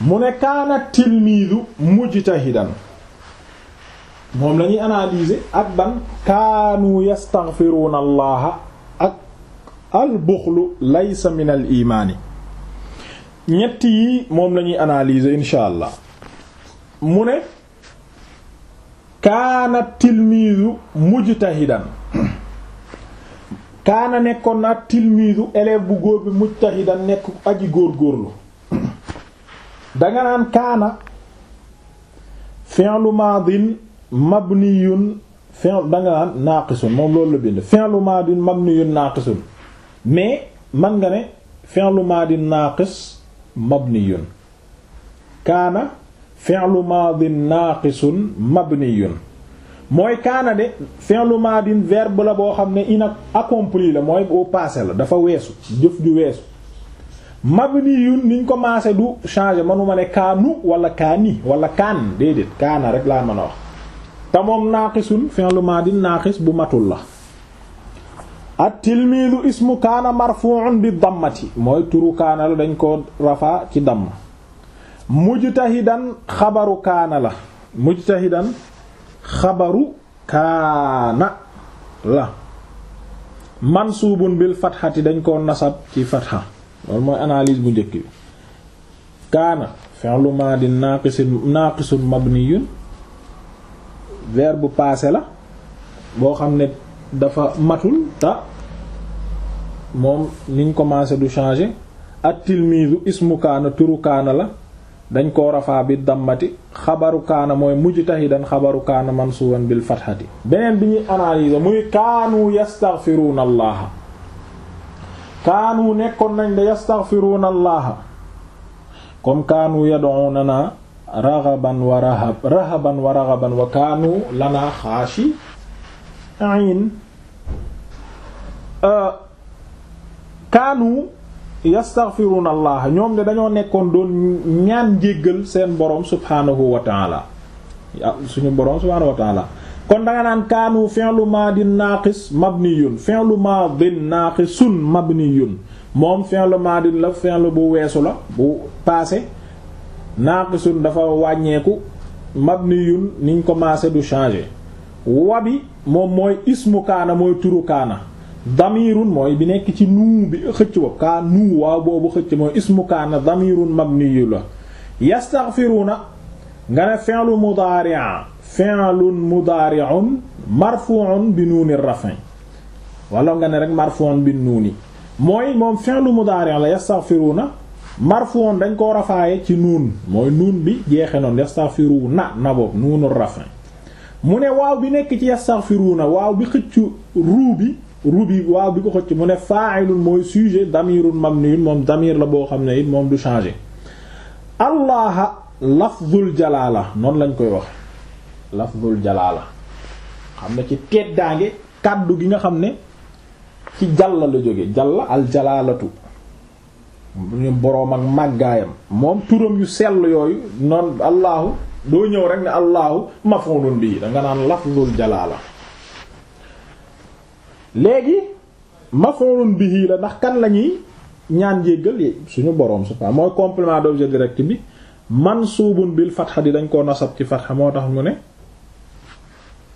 mu ne kaana tilmiidu mujtahidan moom lañuy analyser ak ban kaanu yastaghfiruuna allaha ak al buxlu laysa min al imaani ñett yi moom lañuy analyser insha allah mu ne kaana tilmiisu mujtahidan kaana nekkoon naa tilmiisu élève bu góor bi mujtahidan nekk aji góorgóorlu danga naan kaana fi'lu maadin mabniyun fi'l danga naan naaqisun moom loolu bind fi'lu maadin mabniyun naaqisun mais man nga ne fi'lu maadin naaqis mabniyun kaana fi'lu maadin naaqisun mabniyun mooy kaana de fi'lu maadin verbe la boo xam ne ina accompli la mooy au passé la dafa weesu jëf ju weesu mabniyun niñ ko maase du changer manuma ne kaanu wala kaani wala kaan déedéet kaana rek laa mën a wax te moom naaqisun fi'lu maadin naaqis bu matul la at-tilmiidu ismu kaana marfu'un bi dammati mooy turu kaana la dañ ko rafaa ci damma mujtahidan xabaru kaana la mujtahidan xabaru kaana la man mansuubun bil fatxati dañ koo nasab ci fatxa loolu mooy analyse bu njëkk bi kaana fi'lu maadin naaqisin naaqisun mabniyun verbe passé la boo xam ne dafa matul ta moom niñ commencé du changer at tilmiidu ismu kaana turu kaana la dañ ko rafaa bi dammati xabaru kaana mooy mujtahidan xabaru kaana mansuuban bil fathati beneen bi ñuy analyser muy kaanu yastaghfiruuna allaha kaanu nekkoon nañ da yastaghfiruuna allaha comme kaanu yad'uuna na raghaban wa rahaban wa kaanu lana xaashi euh, kaanu yastaghfiruna allah ñoom de dañoo nekkoon doon ñaan jéggal seen borom subhaanahu wa taala suñu borom subhaanahu wa kon danga naan kaanu fi'lu maadin naaqis mabniyun fi'lu maadin naaqisun mabniyun moom fi'lu maadin la fi'lu bu weesu la bu passé naaqisun dafa wàññeeku mabniyun niñ commencé du changer wabi moom mooy ismu kaana mooy turu kaana damirun mooy bi nekk ci nuu bi xëcc boobu kaa nuu waaw boobu xëcc mooy ismu kaana damirun mabniyu la yastaghfiruna nga ne fi'lu mudaari'a fi'lun mudaari'un marfu'un bi nuuni rafin wala mooy moom fi'lu mudaari'a la na marfu'un dañ koo rafaaye ci nuun mooy nuun bi jeexe noonu yastaghfiruna na boobu nuunu rafin mu ne waaw bi nekk ci yastaghfiruna waaw bi xëcc ruu bi rubi waaw bi ko xëcc mu ne fa'ilun mooy sujet damirun mamniyun moom damir la boo xam ne it moom du changer allaha lafzul jalaala noonu lañ koy wax lafzul jalaala xam ne ci teddaange kàddu gi nga xam ne ci jàlla la jóge jàlla al jalaalatu ñu boroom ak màggaayam moom turam yu sell yooyu noonu allahu doo ñëw rek ne allahu maf'ulun bi danga naan lafzul jalaala léegi maf'ulun bihi la ndax kan la ñuy ñaan njégal suñu boroom subhaanahu mooy complement complément d'objet direct bi mansuubun bil fatha di dañ koo nasab ci fatha moo tax mu ne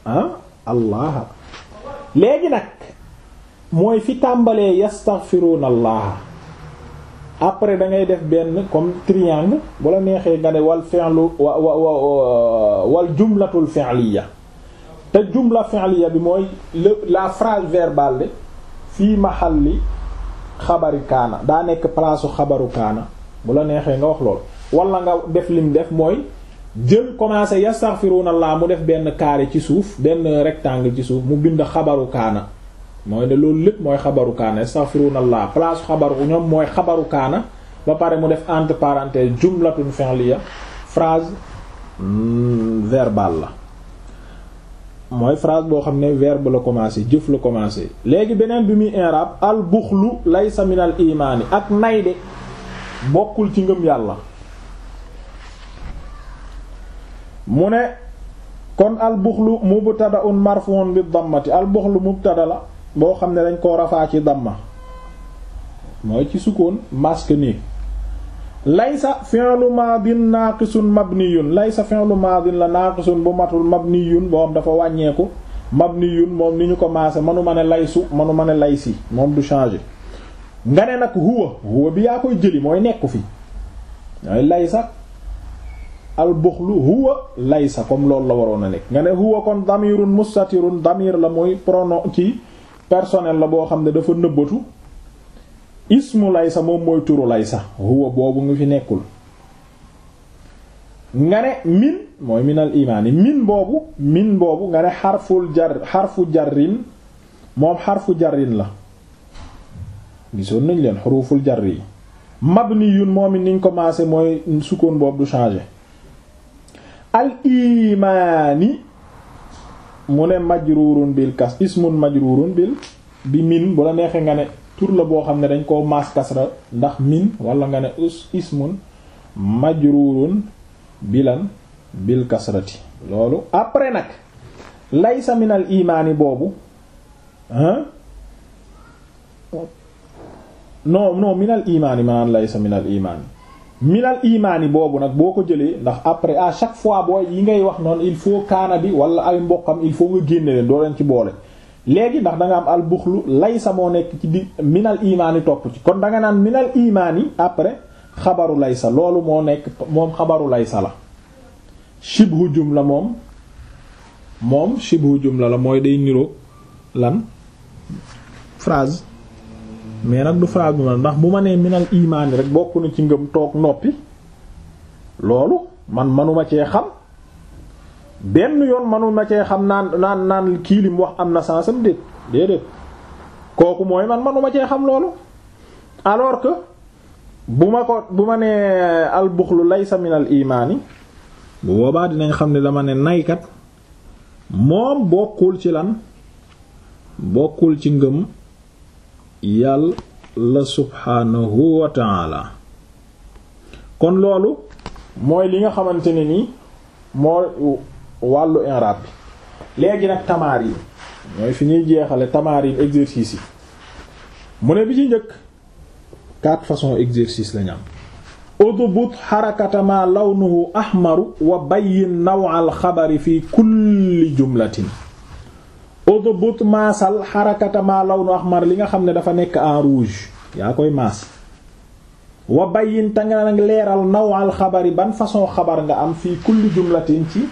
ah allah léegi nag mooy fi tàmbalee yastaghfiruna allah après da ngay def benn comme triangle bu la neexee nga ne wal fi'lu wa wa wal jumlatul fi'liya te jumla fi'liya bi mooy la phrase verbale de fii mahalli xabari kaana daa nekk palaasu xabaru kaana bu la neexee nga wax lool walla nga def lim def mooy jël commencé yastaghfiruna allah mu def benn carré ci suuf benn rectangle ci suuf mu bind xabaru kaana mooy ne loolu lépp mooy xabaru kaana yastaghfiruna allah place xabaru ñoom mooy xabaru kaana ba pare mu def entre parenthèses jumlatun fi'liya phrase mm, verbale la mooy phrase boo xam ne verbe la commencé jëf la commencé léegi beneen bi muy i'rab al buxlu laysa min al imaani ak nay de bokkul ci ngëm yàlla mu ne kon al buxlu mubtada'un marfu'un bi dammati al mu mubtada la boo xam ne dañ koo rafaa ci damma mooy ci sukkoon masque nii laysa fi'lu maadin naaqisun mabniyun laysa fi'lu maadin la naaqisun bu matul mabniyun boom dafa wàññeeku mabniyun moom ni ñu ko maase manu ma ne laysu manu ma ne laysi moom du changer nga ne nag huwa huwa bi yaa koy jëli mooy nekku fi mooy laysa al buxlu huwa laysa comme loolu la waroon a nekk nga ne huwa kon damirun mustatirun damir la mooy pronom ci personnel la boo xam ne dafa nëbbatu ismu laysa moom mooy turu laysa huwa boobu nga fi nekkul nga ne min mooy minal imaani min boobu min boobu nga ne xarful jar xarfu jarrin moom xarfu jarin la gisoon nañ leen xuruful jarri yi mabniyun moom it niñ commencé mooy sukkoon boobu du changé al imaani mu ne majrurun bil kas ismun majrurun bil bi min bu la neexee nga ne tur la boo xam ne dañ koo maas kasra ndax min walla nga ne us ismun majrurun bilan bil kasrati loolu après nag laysa minal imaani boobu hein non non minal imaani maanaam laysa minal imaani minal imaani boobu nag boo ko jëlee ndax après à chaque fois booy yi ngay wax noonu il faut kaana bi wala ay mboqam il faut nga génne leen doo leen ci boole léegi ndax da nga am albuxlu laysa moo nekk ci di minal imaani topp ci kon danga nga naan minal imaani après xabaru laysa loolu moo nekk moom xabaru laysa la shibhu la moom moom shibhu jumla la mooy day niroo lan phrase mais nag du phrase bu ndax bu ma nee minal imaani rek bokku na ci ngëm toog noppi loolu man mënuma cee xam benn yoon manu ma cee xam naan naan naan kii lim wax am na sansam déet déedéet kooku mooy man ma cee xam loolu alors que bu ma ko bu ma nee albuxlu laysa min imaani boobaa dinañ xam ne dama ne naykat moom bokkul ci lan bokkul ci ngëm yàlla subhaanahu wa kon loolu mooy li nga xamante ne nii moo wàllu inrab bi léegi nag tamarin mooy fi ñuy jeexale tamarin exercice yi mu ne bi ci njëkk quatre façon exercice lañ am udbut xarakata ma lawnuhu ahmaru wa bayyin nawa alxabari fi kulli jumlatin udbut maasal xarakata ma lawnuhu ahmar li nga xam ne dafa nekk en rouge yaa koy maas wa bayyin ta nga nag leeral nawa alxabari ban façon xabar nga am fii kulli jumlatin ci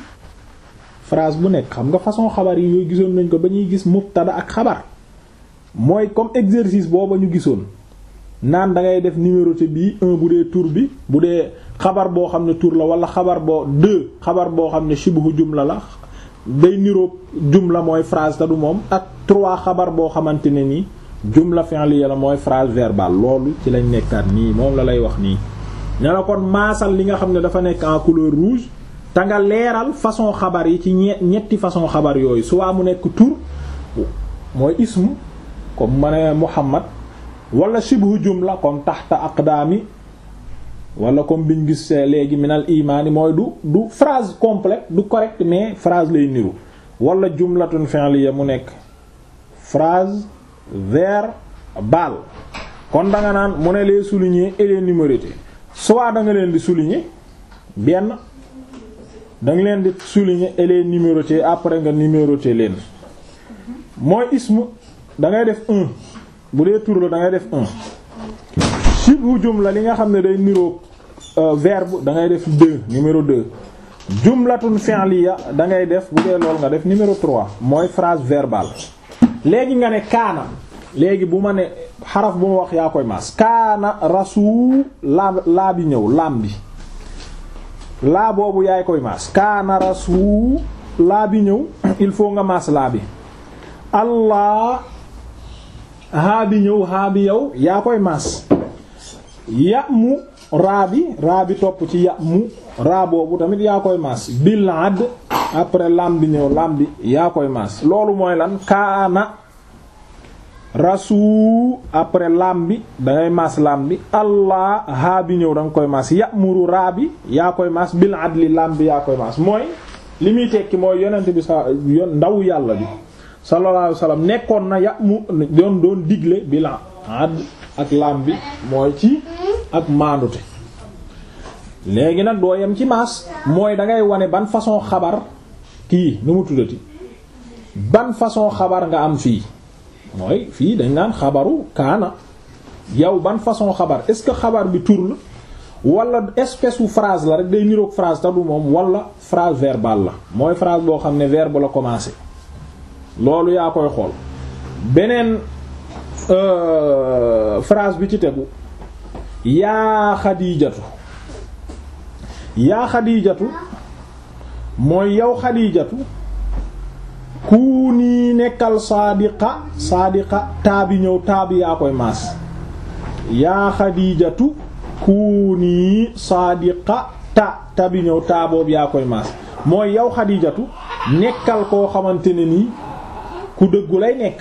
phrase bu nekk xam nga façon xabar yi yooyu gisoon nañ ko ba ñuy gis mubtada ak xabar mooy comme exercice booba ñu gisoon naan da ngay def numéroté bii un bu dee tur bi bu dee xabar boo xam ne tour la wala xabar boo deux xabar boo xam ne shibhu jumla la day niroog jumla mooy phrase ta moom ak trois xabar boo xamante ne ni jumla fi'liya la mooy phrase verbale loolu ci lañ nekkaat nii moom la lay wax nii. ne la kon maasal li nga xam ne dafa nekk en couleur rouge. te nga leeral façon xabar yi ci ñetti façon xabar yooyu soit mu nekk tur mooy ism comme ma ne Muhammad wala shibhu jumla comme taxta aqdaami wala comme biñ gis eh, léegi minal imaani mooy du du phrase complète du correct mais phrase lay niru wala jumlatun fi'liya mu nekk phrase verbale kon danga naan mu ne les souligner et les numéroter soit leen di souligner benn danga leen di souligner et les numéroter après nga numéroter leen mooy ismu da ngay def un bu dee tur dangay def un shibhu jumla li nga xam ne day niroo euh, verbe da ngay def deux numéro deux jumlatun fi'liya da ngay def bu dee lool nga def numéro trois mooy phrase verbale léegi nga ne kaana léegi bu ma ne xaraf bu ma wax yaa koy maas kaana rasul laa laa bi ñëw laam bi laa boobu yaay koy maas kaana rasu laa bi ñëw il faut nga maas laa bi allah haa bi ñëw haa bi yow yaa koy maas ya mu raa bi raa bi topp ci ya mu raa boobu tamit yaa koy maas bil add après lam bi ñëw lam bi yaa koy maas loolu mooy lan kaana rasu après laam bi dangay maas laam bi allah haa bi ñëw da nga koy maas ya'muru raa bi yaa koy maas bil adli laam bi yaa koy maas mooy li muy tekki mooy yonent bi sa yon ndaw yàlla bi sallallahu alayhi wasallam nekkoon na ya'mu doon doon digle bil ad ak laam bi mooy ci ak maandute léegi nag doo yem ci maas mooy da ngay wane ban façon xabar kii nu mu tuddati ban façon xabar nga am fii mooy fii dañ naan xabaru kaana yow ban façon xabar est-ce que xabar bi tur la wala espèce u phrase la rek day niroog phrase ta moom wala phrase verbale la mooy phrase boo xam ne verbe la commencé loolu yaa koy xool beneen frase euh, bi ci tegu yaa xadiijatu yaa xadiijatu mooy yow xadiijatu ku nekkal saadiqa saadiqa taabi ñëw taabi yaa koy maas yaa xadiijatu ku nii saadiqa ta tabi ñëw taaboobu yaa koy maas mooy yow xadiijatu nekkal koo xamante ne nii ku dëggu lay nekk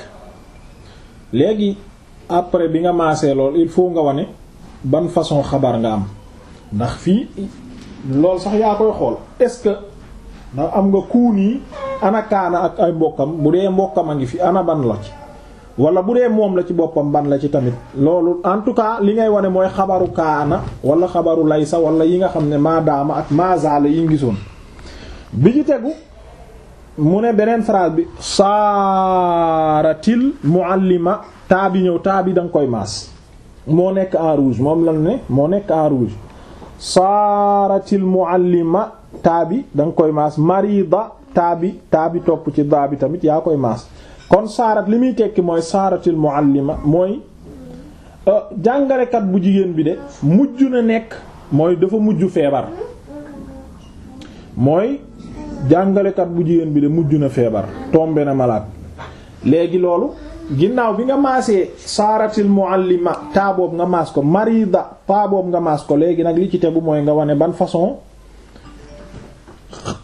léegi après bi nga maasee lool il faut nga wane ban façon xabar nga am ndax fii lool sax yaa koy xool est ndax am nga kuuni ana kaana ak ay mbokkam bu dee mbokkam a ngi fi ana ban la ci wala bu dee moom la ci boppam ban la ci tamit loolu en tout cas li ngay wane mooy xabaru kaana wala xabaru laysa wala yi nga xam ne maadaama ak mazaala yi ngisoon bi ci tegu mu ne beneen phrase bi saaratil muallima taa bi ñëw taa bi da nga koy maas moo nekk en rouge moom lan ne moo nekk en rouge saaratil muallima taa bi da nga koy maas marida taa bi taa bi topp ci daa bi tamit yaa koy maas kon saarat li muy tekki mooy saaratil muallima mooy euh, jàngalekat bu jigéen bi de mujj na nekk mooy dafa mujj feebar mooy jàngalekat bu jigéen bi de mujj na feebar tombé na malade léegi loolu ginnaaw bi nga maasee saaratil muallima taa boobu nga maas ko marida taa boobu nga maas ko léegi nag li ci tegu mooy nga wane ban façon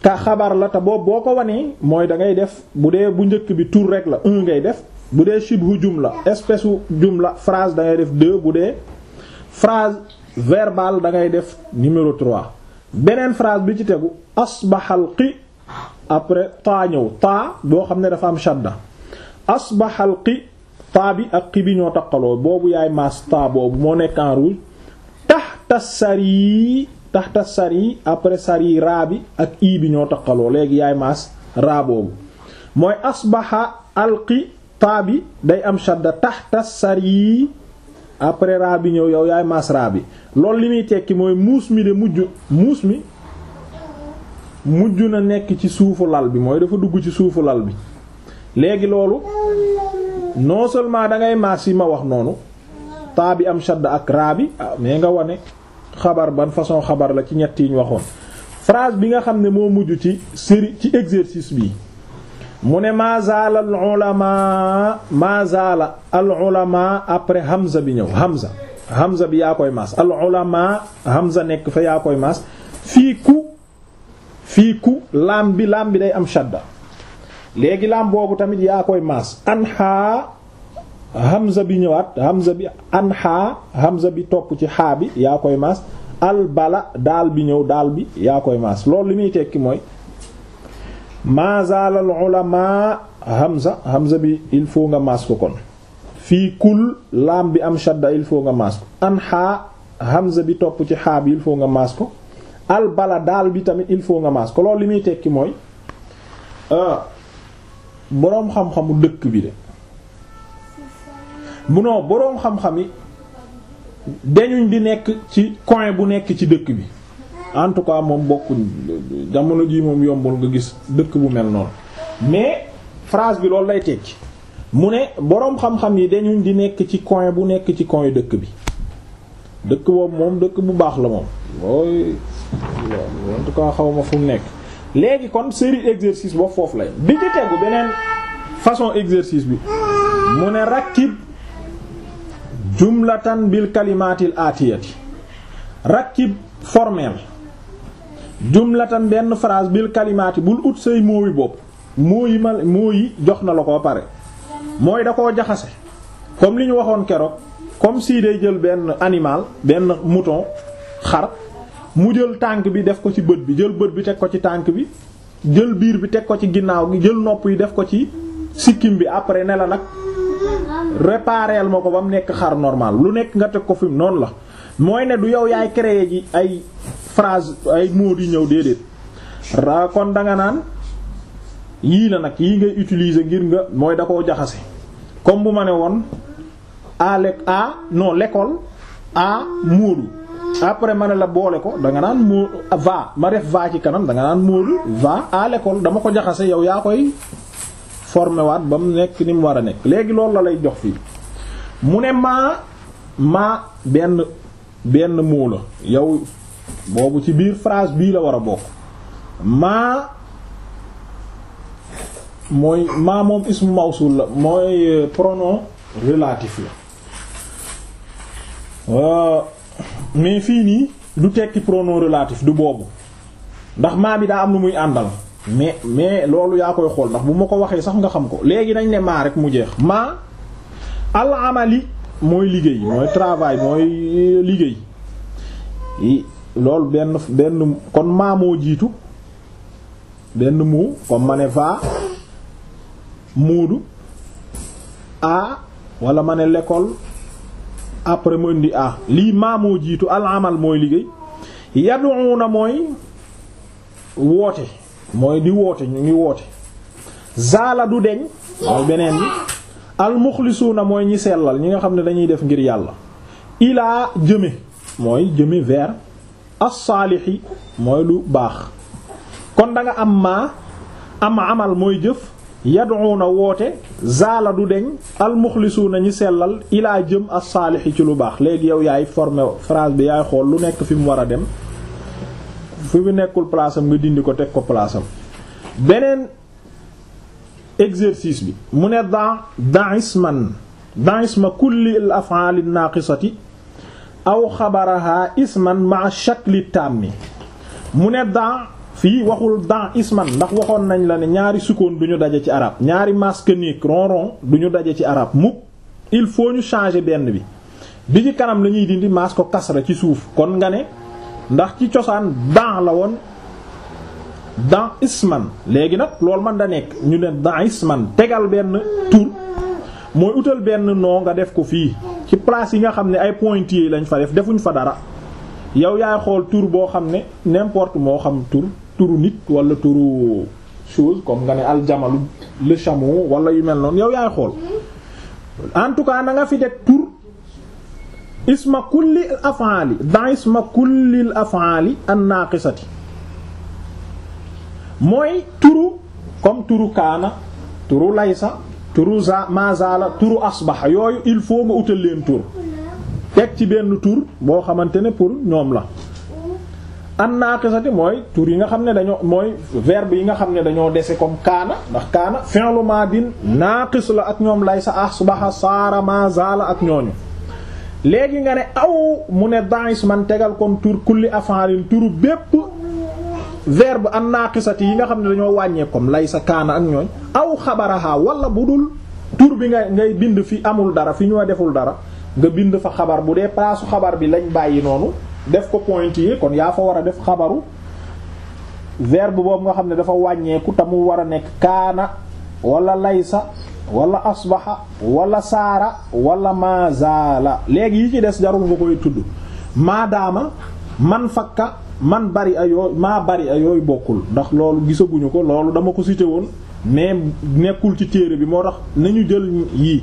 te xabar la te boobu boo ko wanee mooy da ngay def bu dee bu njëkk bi tur rek la un ngay def bu dee shibhu jumla espèce u jumla phrase da ngay def deux bu dee phrase verbale da ngay def numéro trois beneen phrase bi ci tegu asbaxal qi après taa ñëw taa boo xam ne dafa am shadda asbaxal qi taa bi ak qi bi ñoo taqaloo boobu yaay maas taa boobu moo nekk en rouge tahta sari taxta sari après sari raa bi ak i bi ñoo taqaloo léegi yaay maas raa boobu mooy asbaxa alqi taa bi day am shadda taxta sari après raa bi ñëw yow yaay maas raa bi loolu li muy tekki mooy muus mi de mujj muus mi mujj na nekk ci suufu lal bi mooy dafa dugg ci suufu lal bi léegi loolu non seulement da ngay maas yi ma wax noonu taa bi am shadda ak raa bi ah, mais nga wane xabar ban façon xabar la ci ñett yi ñu waxoon phrase bi nga xam ne moo mujj ci série ci exercice bi mu ne mazala al ulama mazala al ulama après hamza bi ñëw hamza hamza bi yaa koy maas al am hamza nekk fa yaa koy maas fii ku fii ku laam bi laam bi day am shadda léegi laam boobu tamit yaa koy maas anha hamza bi ñëwaat hamza bi an xaa bi topp ci xaa bi yaa koy maas al daal bi ñëw daal bi yaa koy maas loolu li muy tekki mooy maazal al ulama hamza il faut nga maas kon fii kul laam bi am shadda il faut nga maas ko an bi topp ci xaa bi faut nga maas bala daal bi tamit il faut nga maas loolu li muy tekki mooy ah, boroom xam-xamu dëkk bi de munoo boroom xam-xam yi dañuñ di nekk ci coin bu nekk ci dëkk bi en tout cas moom bokkuñ jamono ji moom yombul nga gis dëkk bu mel noonu mais phrase bi loolu lay tekki mu ne boroom xam-xam yi dañuñ di nekk ci coin bu nekk ci coin dëkk bi dëkk boobu moom dëkk bu baax la moom looy en tout cas fu mu nekk léegi kon série exercice boobu foofu lay bi ci tegu beneen façon exercice bi mu ne rakkib jumlatan bil kalimaatil aatiyati rakkib formel jumlatan benn phrase bil kalimaati bul ut say mooyu bopp mooyi ma mooyi jox na la ko pare mooy da koo jaxase comme li ñu waxoon keroog comme si day jël benn animal benn mouton xar mu jël tànk bi def ko ci bët bi jël bët bi teg ko ci tànk bi jël biir bi teg ko ci ginnaaw gi jël nopp yi def ko ci sikkim bi après ne nag répareel ma ko ba mu nekk xar normal lu nekk nga teg ko fi mu noonu la mooy ne du yow yaay créer ji ay phrase ay mots di ñëw déedéet ra kon danga naan yii la nag yii ngay utiliser ngir nga mooy da koo jaxase comme bu ma ne woon a lek a non l'école a Moodu après ma ne la boole ko danga naan moo va ma def va ci kanam danga naan Moodu va à l'école dama ko jaxase yow yaa koy formé ba mu nekk ni mu war a nekk léegi loolu la lay jox fii mu ne maa maa benn benn moo la yow boobu ci biir phrase bii la war a bokk maa mooy maa moom ismu mawsul la mooy euh, pronom relatif la euh, mais fii nii du tekki pronom relatif du boobu ndax maa bi daa am lu muy àndal mais mais loolu yaa koy xool ndax bu ma ko waxee sax nga xam ko léegi dañ ne maa rek mu jeex maa al amali mooy liggéey mooy travail mooy liggéey loolu benn benn kon jiitu benn mu comme ma ne muudu a wala ma ne l'école après mu indi lii maa moo jiitu al amal mooy liggéey yaduuna mooy woote mooy di woote ñu ngi woote zaala du deñ mooy beneen bi almuxlisuuna mooy ñi sellal ñi nga xam ne dañuy def ngir yàlla ilaa jëme mooy jëme vers as-saalixi mooy lu baax kon da am maa am amal mooy jëf yad'una woote zaala du deñ na ñi sellal ilaa jëm as-saalixi ci lu baax léegi yow yaay formé phrase bi yaay xool lu nekk fi mu war a dem fi fi nekkul place am nga dindi ko teg ko place beneen exercice bi mu ne da daisman daisma kulli al af'al an naqisati aw xabaraha isman ma shakli tammi mu ne da fii waxul dan isman ndax waxoon nañ la ne ñaari sukkoon du ñu daje ci arab ñaari masque nique ronron du ñu daje ci arab mukk il faut ñu change benn bi bi ci kanam lañuy ñuy dindi masque kasra ci suuf kon nga ne ndax ci cosaan dan la woon dan isman léegi nag loolu man da nekk ñu ne dan isman tegal benn tur mooy utal benn noo nga def ko fii ci place yi nga xam ne ay pointillés yi lañ fa def defuñ fa dara yow yaay xool tur boo xam ne n'importe moo xam tur turu nit wala turu chose comme nga ne aljamalu le chameau wala yu mel noonu yow yaay xool en nga fi teg tur isma kulli al af'ali dans isma kulli al af'ali an naqisati mooy turu comme turu kaana turu laysa turu za mazala turu asbaha yooyu il faut nga utal leen tur teg ci benn tur boo xamante ne pour ñoom la an naqisati mooy tur yi nga xam ne dañoo mooy verbe yi nga xam ne dañoo dese comme kaana ndax kaana fi'lu madin naqis la ak ñoom laysa asbaha saara mazala ak ñooñu léegi nga ne aw mu ne da'is man tegal kon tur kulli af'alin turu bépp verbe an naqisati yi nga xam ne dañoo wàññee comme lay sa kaana ak ñooñ aw xabaraha wala bu dul tur bi nga ngay bind fi amul dara fi ñoo deful dara nga bind fa xabar bu dee palaasu xabar bi lañ bàyyi noonu def ko pointillé kon yaa fa war a def xabaru verbe boobu nga xam ne dafa wàññeeku te mu war a nekk kaana wala laysa wala asbaxa walla saara wala mazaala léegi yi ci des jarul nga koy tudd maadaama man fakka man bari a yooyu maa bari a yooyu bokkul ndax loolu gisaguñu ko loolu dama ko cité woon mais nekkul ci téere bi moo tax nañu jël yii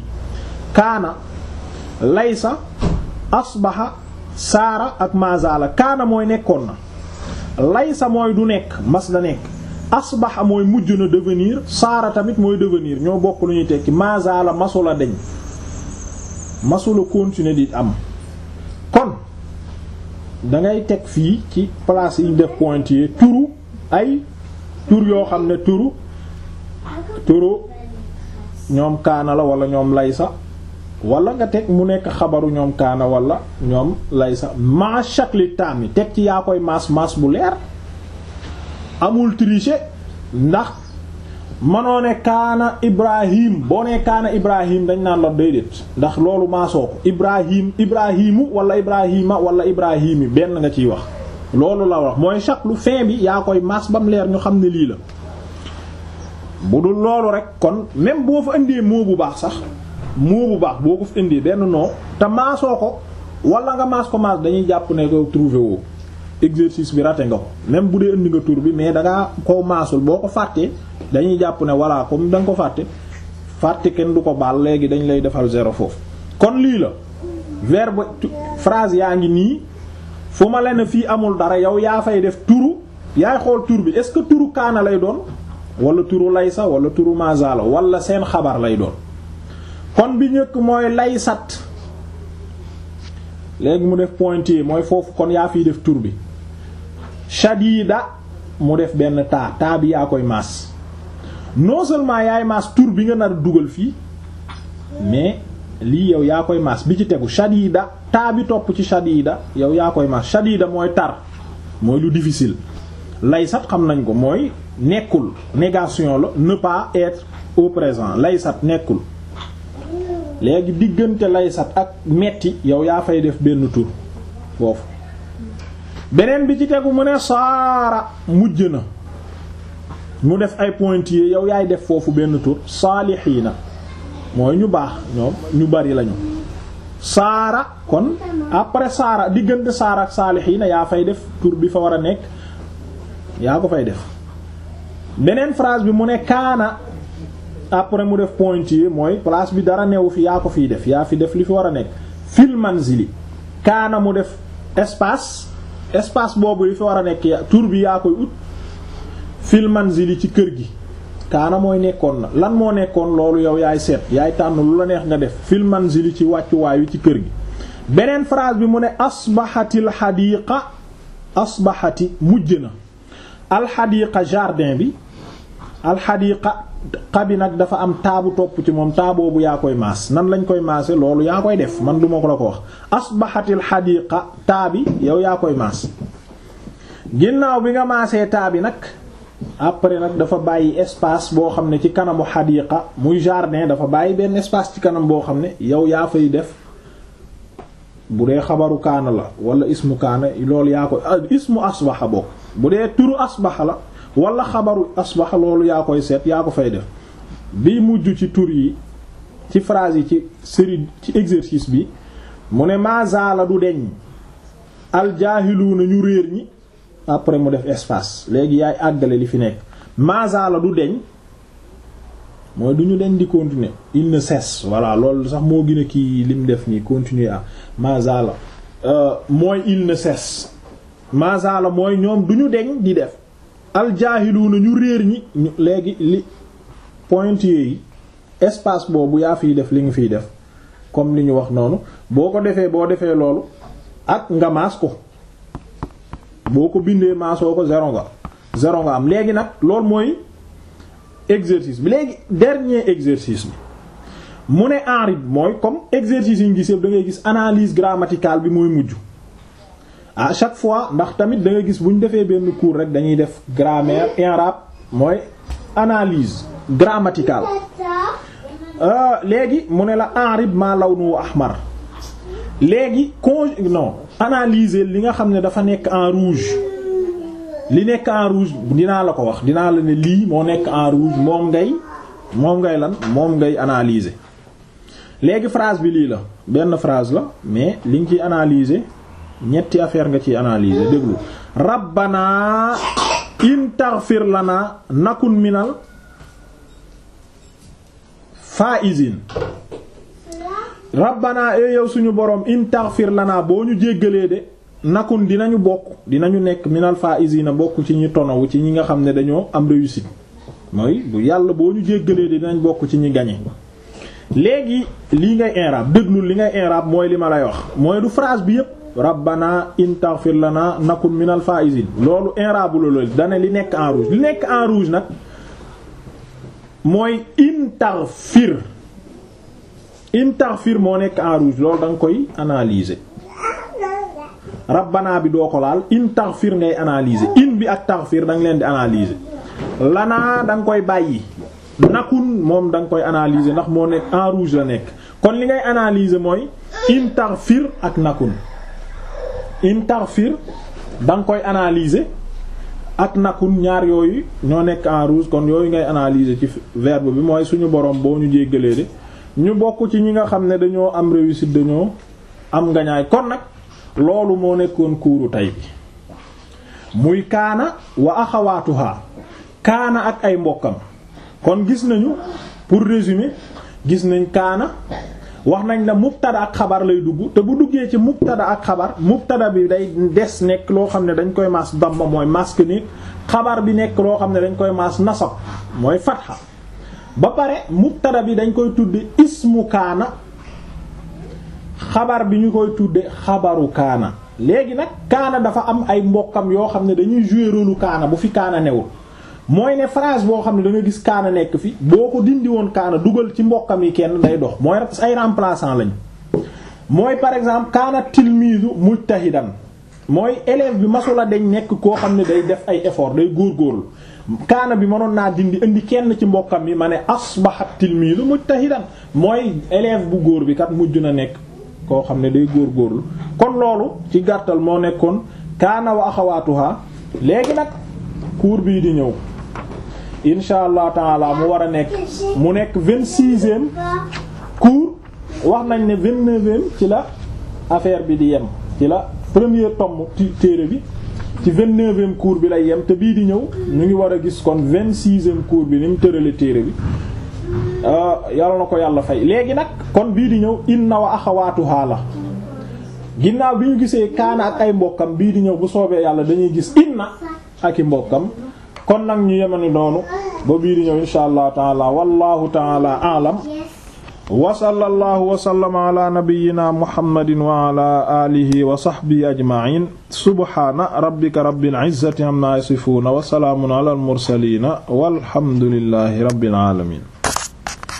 kaana laysa asbaxa saara ak mazaala kaana mooy nekkoon na laysa mooy du nekk mas da nekk asbaxa mooy mujj na devenir saara tamit mooy devenir ñoo bokk lu ñuy la mazaala masula deñ masula continuer di am kon dangay teg fii ci place yi ñu def pointillé turu ay tur yoo xam ne turu turu ñoom kaana la wala ñoom laysa walla nga teg mu nekk xabaru ñoom kaana wala ñoom laysa ma shakli taam yi teg ci yaa koy maas maas bu leer amul tricher ndax mënoone ne kaana ibrahim boo ne kaana ibrahim dañ naan la déedéet ndax loolu maasoo ko ibrahim ibrahimu wala ibrahima wala ibrahimi benn nga ciy wax loolu la wax mooy chaqlu fin bi yaa koy maas bam leer ñu xam ne lii la bu dul loolu rek kon même boo fa indee moo bu baax sax moo bu baax boo ko fi indee benn noo te maasoo ko walla nga maas ko maas dañuy jàpp ne ko trouvé exercice bi raté nga ko même bu dee indi nga tur bi mais danga ko maasul boo ko fàttee dañuy jàpp ne voilà comme da nga ko fàtte fàtte kenn du ko baal léegi dañ lay defal zéro foofu kon lii la verbe phrase yaa ngi nii fu ma leen fii amul dara yow yaa fay def turu yaay xool tur bi est-ce que turu kaana lay doon wala turu laysa wala turu mazala wala seen xabar lay doon kon bi njëkk mooy laysat léegi mu def pointier mooy foofu kon yaa fiy def tur bi shadida mu def benn taa taa bi yaa koy maas non seulement yaay maas tur bi nga nar dugal fii mais lii yow yaa koy maas bi ci tegu shadida taa bi topp ci shadida yow yaa koy maas shadida mooy tar mooy lu difficile laysat xam nañ ko mooy nekkul négation la ne pas être au présent laysat nekkul léegi diggante laysat ak metti yow yaa fay def benn tur foofu beneen bi ci tegu mu ne saara mujj na mu def ay pointillés yow yaay def foofu benn tur saalihiina mooy ñu baax ñoom ñu bari lañu saara kon après saara diggante saara ak saalihiina yaa fay def tur bi fa war a nekk yaa ko fay def beneen phrase bi mu ne kaana après mu def pointillé mooy place bi dara newu fi yaa ko fiy def yaa fi def li fi war a nekk fil manzili kaana mu def espace espace boobu yi fi war a nekk ya tur bi yaa koy ut fil manzili ci kër gi kaana mooy nekkoon na lan moo nekkoon loolu yow yaay seet yaay tànn lu la neex nga def fil manzili ci wàccuwaayu ci kër gi beneen phrase bi mu ne asbahatil xadiqa asbahati mujj na alxadiqa jardin bi alxadiqa xabi nag dafa am taabu topp ci moom taaboo bu yaa koy maas nan lañ koy maase loolu yaa koy def man duma ko la ko wax asbaxatil xadiqa taabi yow yaa koy maas ginnaaw bi nga maasee taabi nag après nag dafa bàyyi espace boo xam ne ci kanamu xadiqa muy jardin dafa bàyyi benn espace ci kanam boo xam ne yow yaa fay def bu dee xabaru kaana la wala ismu kaana loolu yaa koy ah, ismu asbaxa book bu dee turu asbaxa la wala xabaru asbax loolu yaa koy seet yaa ko fay def bi mujj ci tur yi ci phrase yi ci série ci exercice bi mu ne mazaala du deñ aljaahiluuna nañu réer ñi après mu def espace léegi yaay àggale li fi nekk mazaala du deñ mooy duñu ñu deñ di continuer il ne cesse voilà loolu sax moo gin a kii lim def nii continuer ah mazaala euh, mooy il ne cesse mazaala mooy ñoom duñu deñ di def al aljaahiluuna ñu réer ñi ñu léegi li pointier yi espace boobu yaa fiy def li nga fiy def comme li ñu wax noonu boo ko defee boo defee loolu ak nga maas ko boo ko bindee maasoo ko zéro nga zéro am léegi nag loolu mooy exercice bi léegi dernier exercice bi mu ne enrib mooy comme exercice yi ñu gis yëpp da ngay gis analyse grammaticale bi mooy mujj à chaque fois ndax tamit da nga gis bu ñu defee benn cours rek dañuy def grammaire i'rab mooy analyse grammaticale euh, léegi mu ne la i'rab ma lawnu ahmar léegi con non li nga xam ne dafa nekk en rouge li nekk en rouge dinaa la ko wax dinaa la ne lii moo nekk en rouge moom ngay moom ngay lan moom ngay analyser léegi phrase bi lii la benn phrase la mais li nga ci analyser ñetti affaire nga ciy analyser déglu rabbana in taghfir lana nakun minal faizin rabbana e yow suñu borom in taghfir lana boo ñu jéggalee de nakun dinañu bokk dinañu nekk minal faizina bokk ci ñi tonawu ci ñi nga xam ne dañoo am réussite mooy bu yàlla boo ñu jéggalee de dinañ bokk ci ñi gañe léegi lii ngay inrab déglu li ngay inrab mooy li ma lay wax mooy du phrase bi yépp rabbana in taghfir lana nakun minal faizin loolu inrabula loolu dane li nekk en rouge li nekk en rouge nag mooy in taghfir in taghfir moo nekk en rouge loolu da koy analyser rabbana bi doo ko laal in taghfir ngay analyser in bi ak taghfir da nga leen di analyser lanaa da nga koy bàyyi nakun moom danga koy analyser ndax moo nekk en rouge la nekk kon li ngay analyser mooy in taghfir ak nakun in taghfir da koy analyser ak nakun ñaar yooyu ñoo nekk en rouge kon yooyu ngay analyser ci verbe bi mooy suñu borom boo ñu jéggalee de ñu bokk ci ñi nga xam ne dañoo am réussite dañoo am ngañaay kon nag loolu moo nekkoon kuuru tey bi muy kaana wa axawaatuha kaana ak ay mbokkam kon gis nañu pour résumer gis nañ kaana wax nañ la mubtada ak xabar lay dugg te bu duggee ci mubtada ak xabar mubtada bi day des nekk loo xam ne dañ koy maas damma mooy maske ni xabar bi nekk loo xam ne dañ koy maas nasab mooy fatxa ba pare mubtada bi dañ koy tudd ismu kaana xabar bi ñu koy tudde xabaru kaana léegi nag kaana dafa am ay mbokkam yoo xam ne dañuy jouer rôle kaana bu fi kaana newul mooy ne phrase boo xam ne da nga gis kaana nekk fi boo ko dindi woon kaana dugal ci mbokkam yi kenn day dox mooy ay remplaçant lañ mooy par exemple kaana tilmizu mujtahidan mooy élève bi masula dañ nekk koo xam ne day def ay effort day góorgóorlu kaana bi mënoon naa dindi indi kenn ci mbokkam yi ma ne asbahat tilmizu mujtahidan mooy élève bu góor bi kat mujj na nekk koo xam ne day góor góorgóorlu kon loolu ci gàttal moo nekkoon kaana wa axawaatuha léegi nag cours bii di ñëw insha allah taala mu war a nekk mu nekk vingt-sixième cours wax nañ ne vingt-neuvième ci la affaire bi di yem ci la premier tome ci téere bi ci vingt-neuvième cours bi lay yem te bii di ñëw ñu ngi war a gis kon vingt-sixième cours bi ni mu tërale téere bi euh, yàlla na ko yàlla fay léegi nag kon bii di ñëw inna wa axawaatu la ginnaaw bi ñu gisee kaana ak ay mbokkam bii di ñëw bu soobee yàlla dañuy gis inna ak i mbokkam kon nag ñu yemani noonu ba biir ñëw insha allah taala wallahu taala alam wa sallallahu wa sallama ala nabiyyina muhammadin wa ala alihi wa sahbihi ajma'in subhana rabbika rabbil izzati amma yasifuna wa salaamun ala al mursalina walhamdulillahi rabbil alamin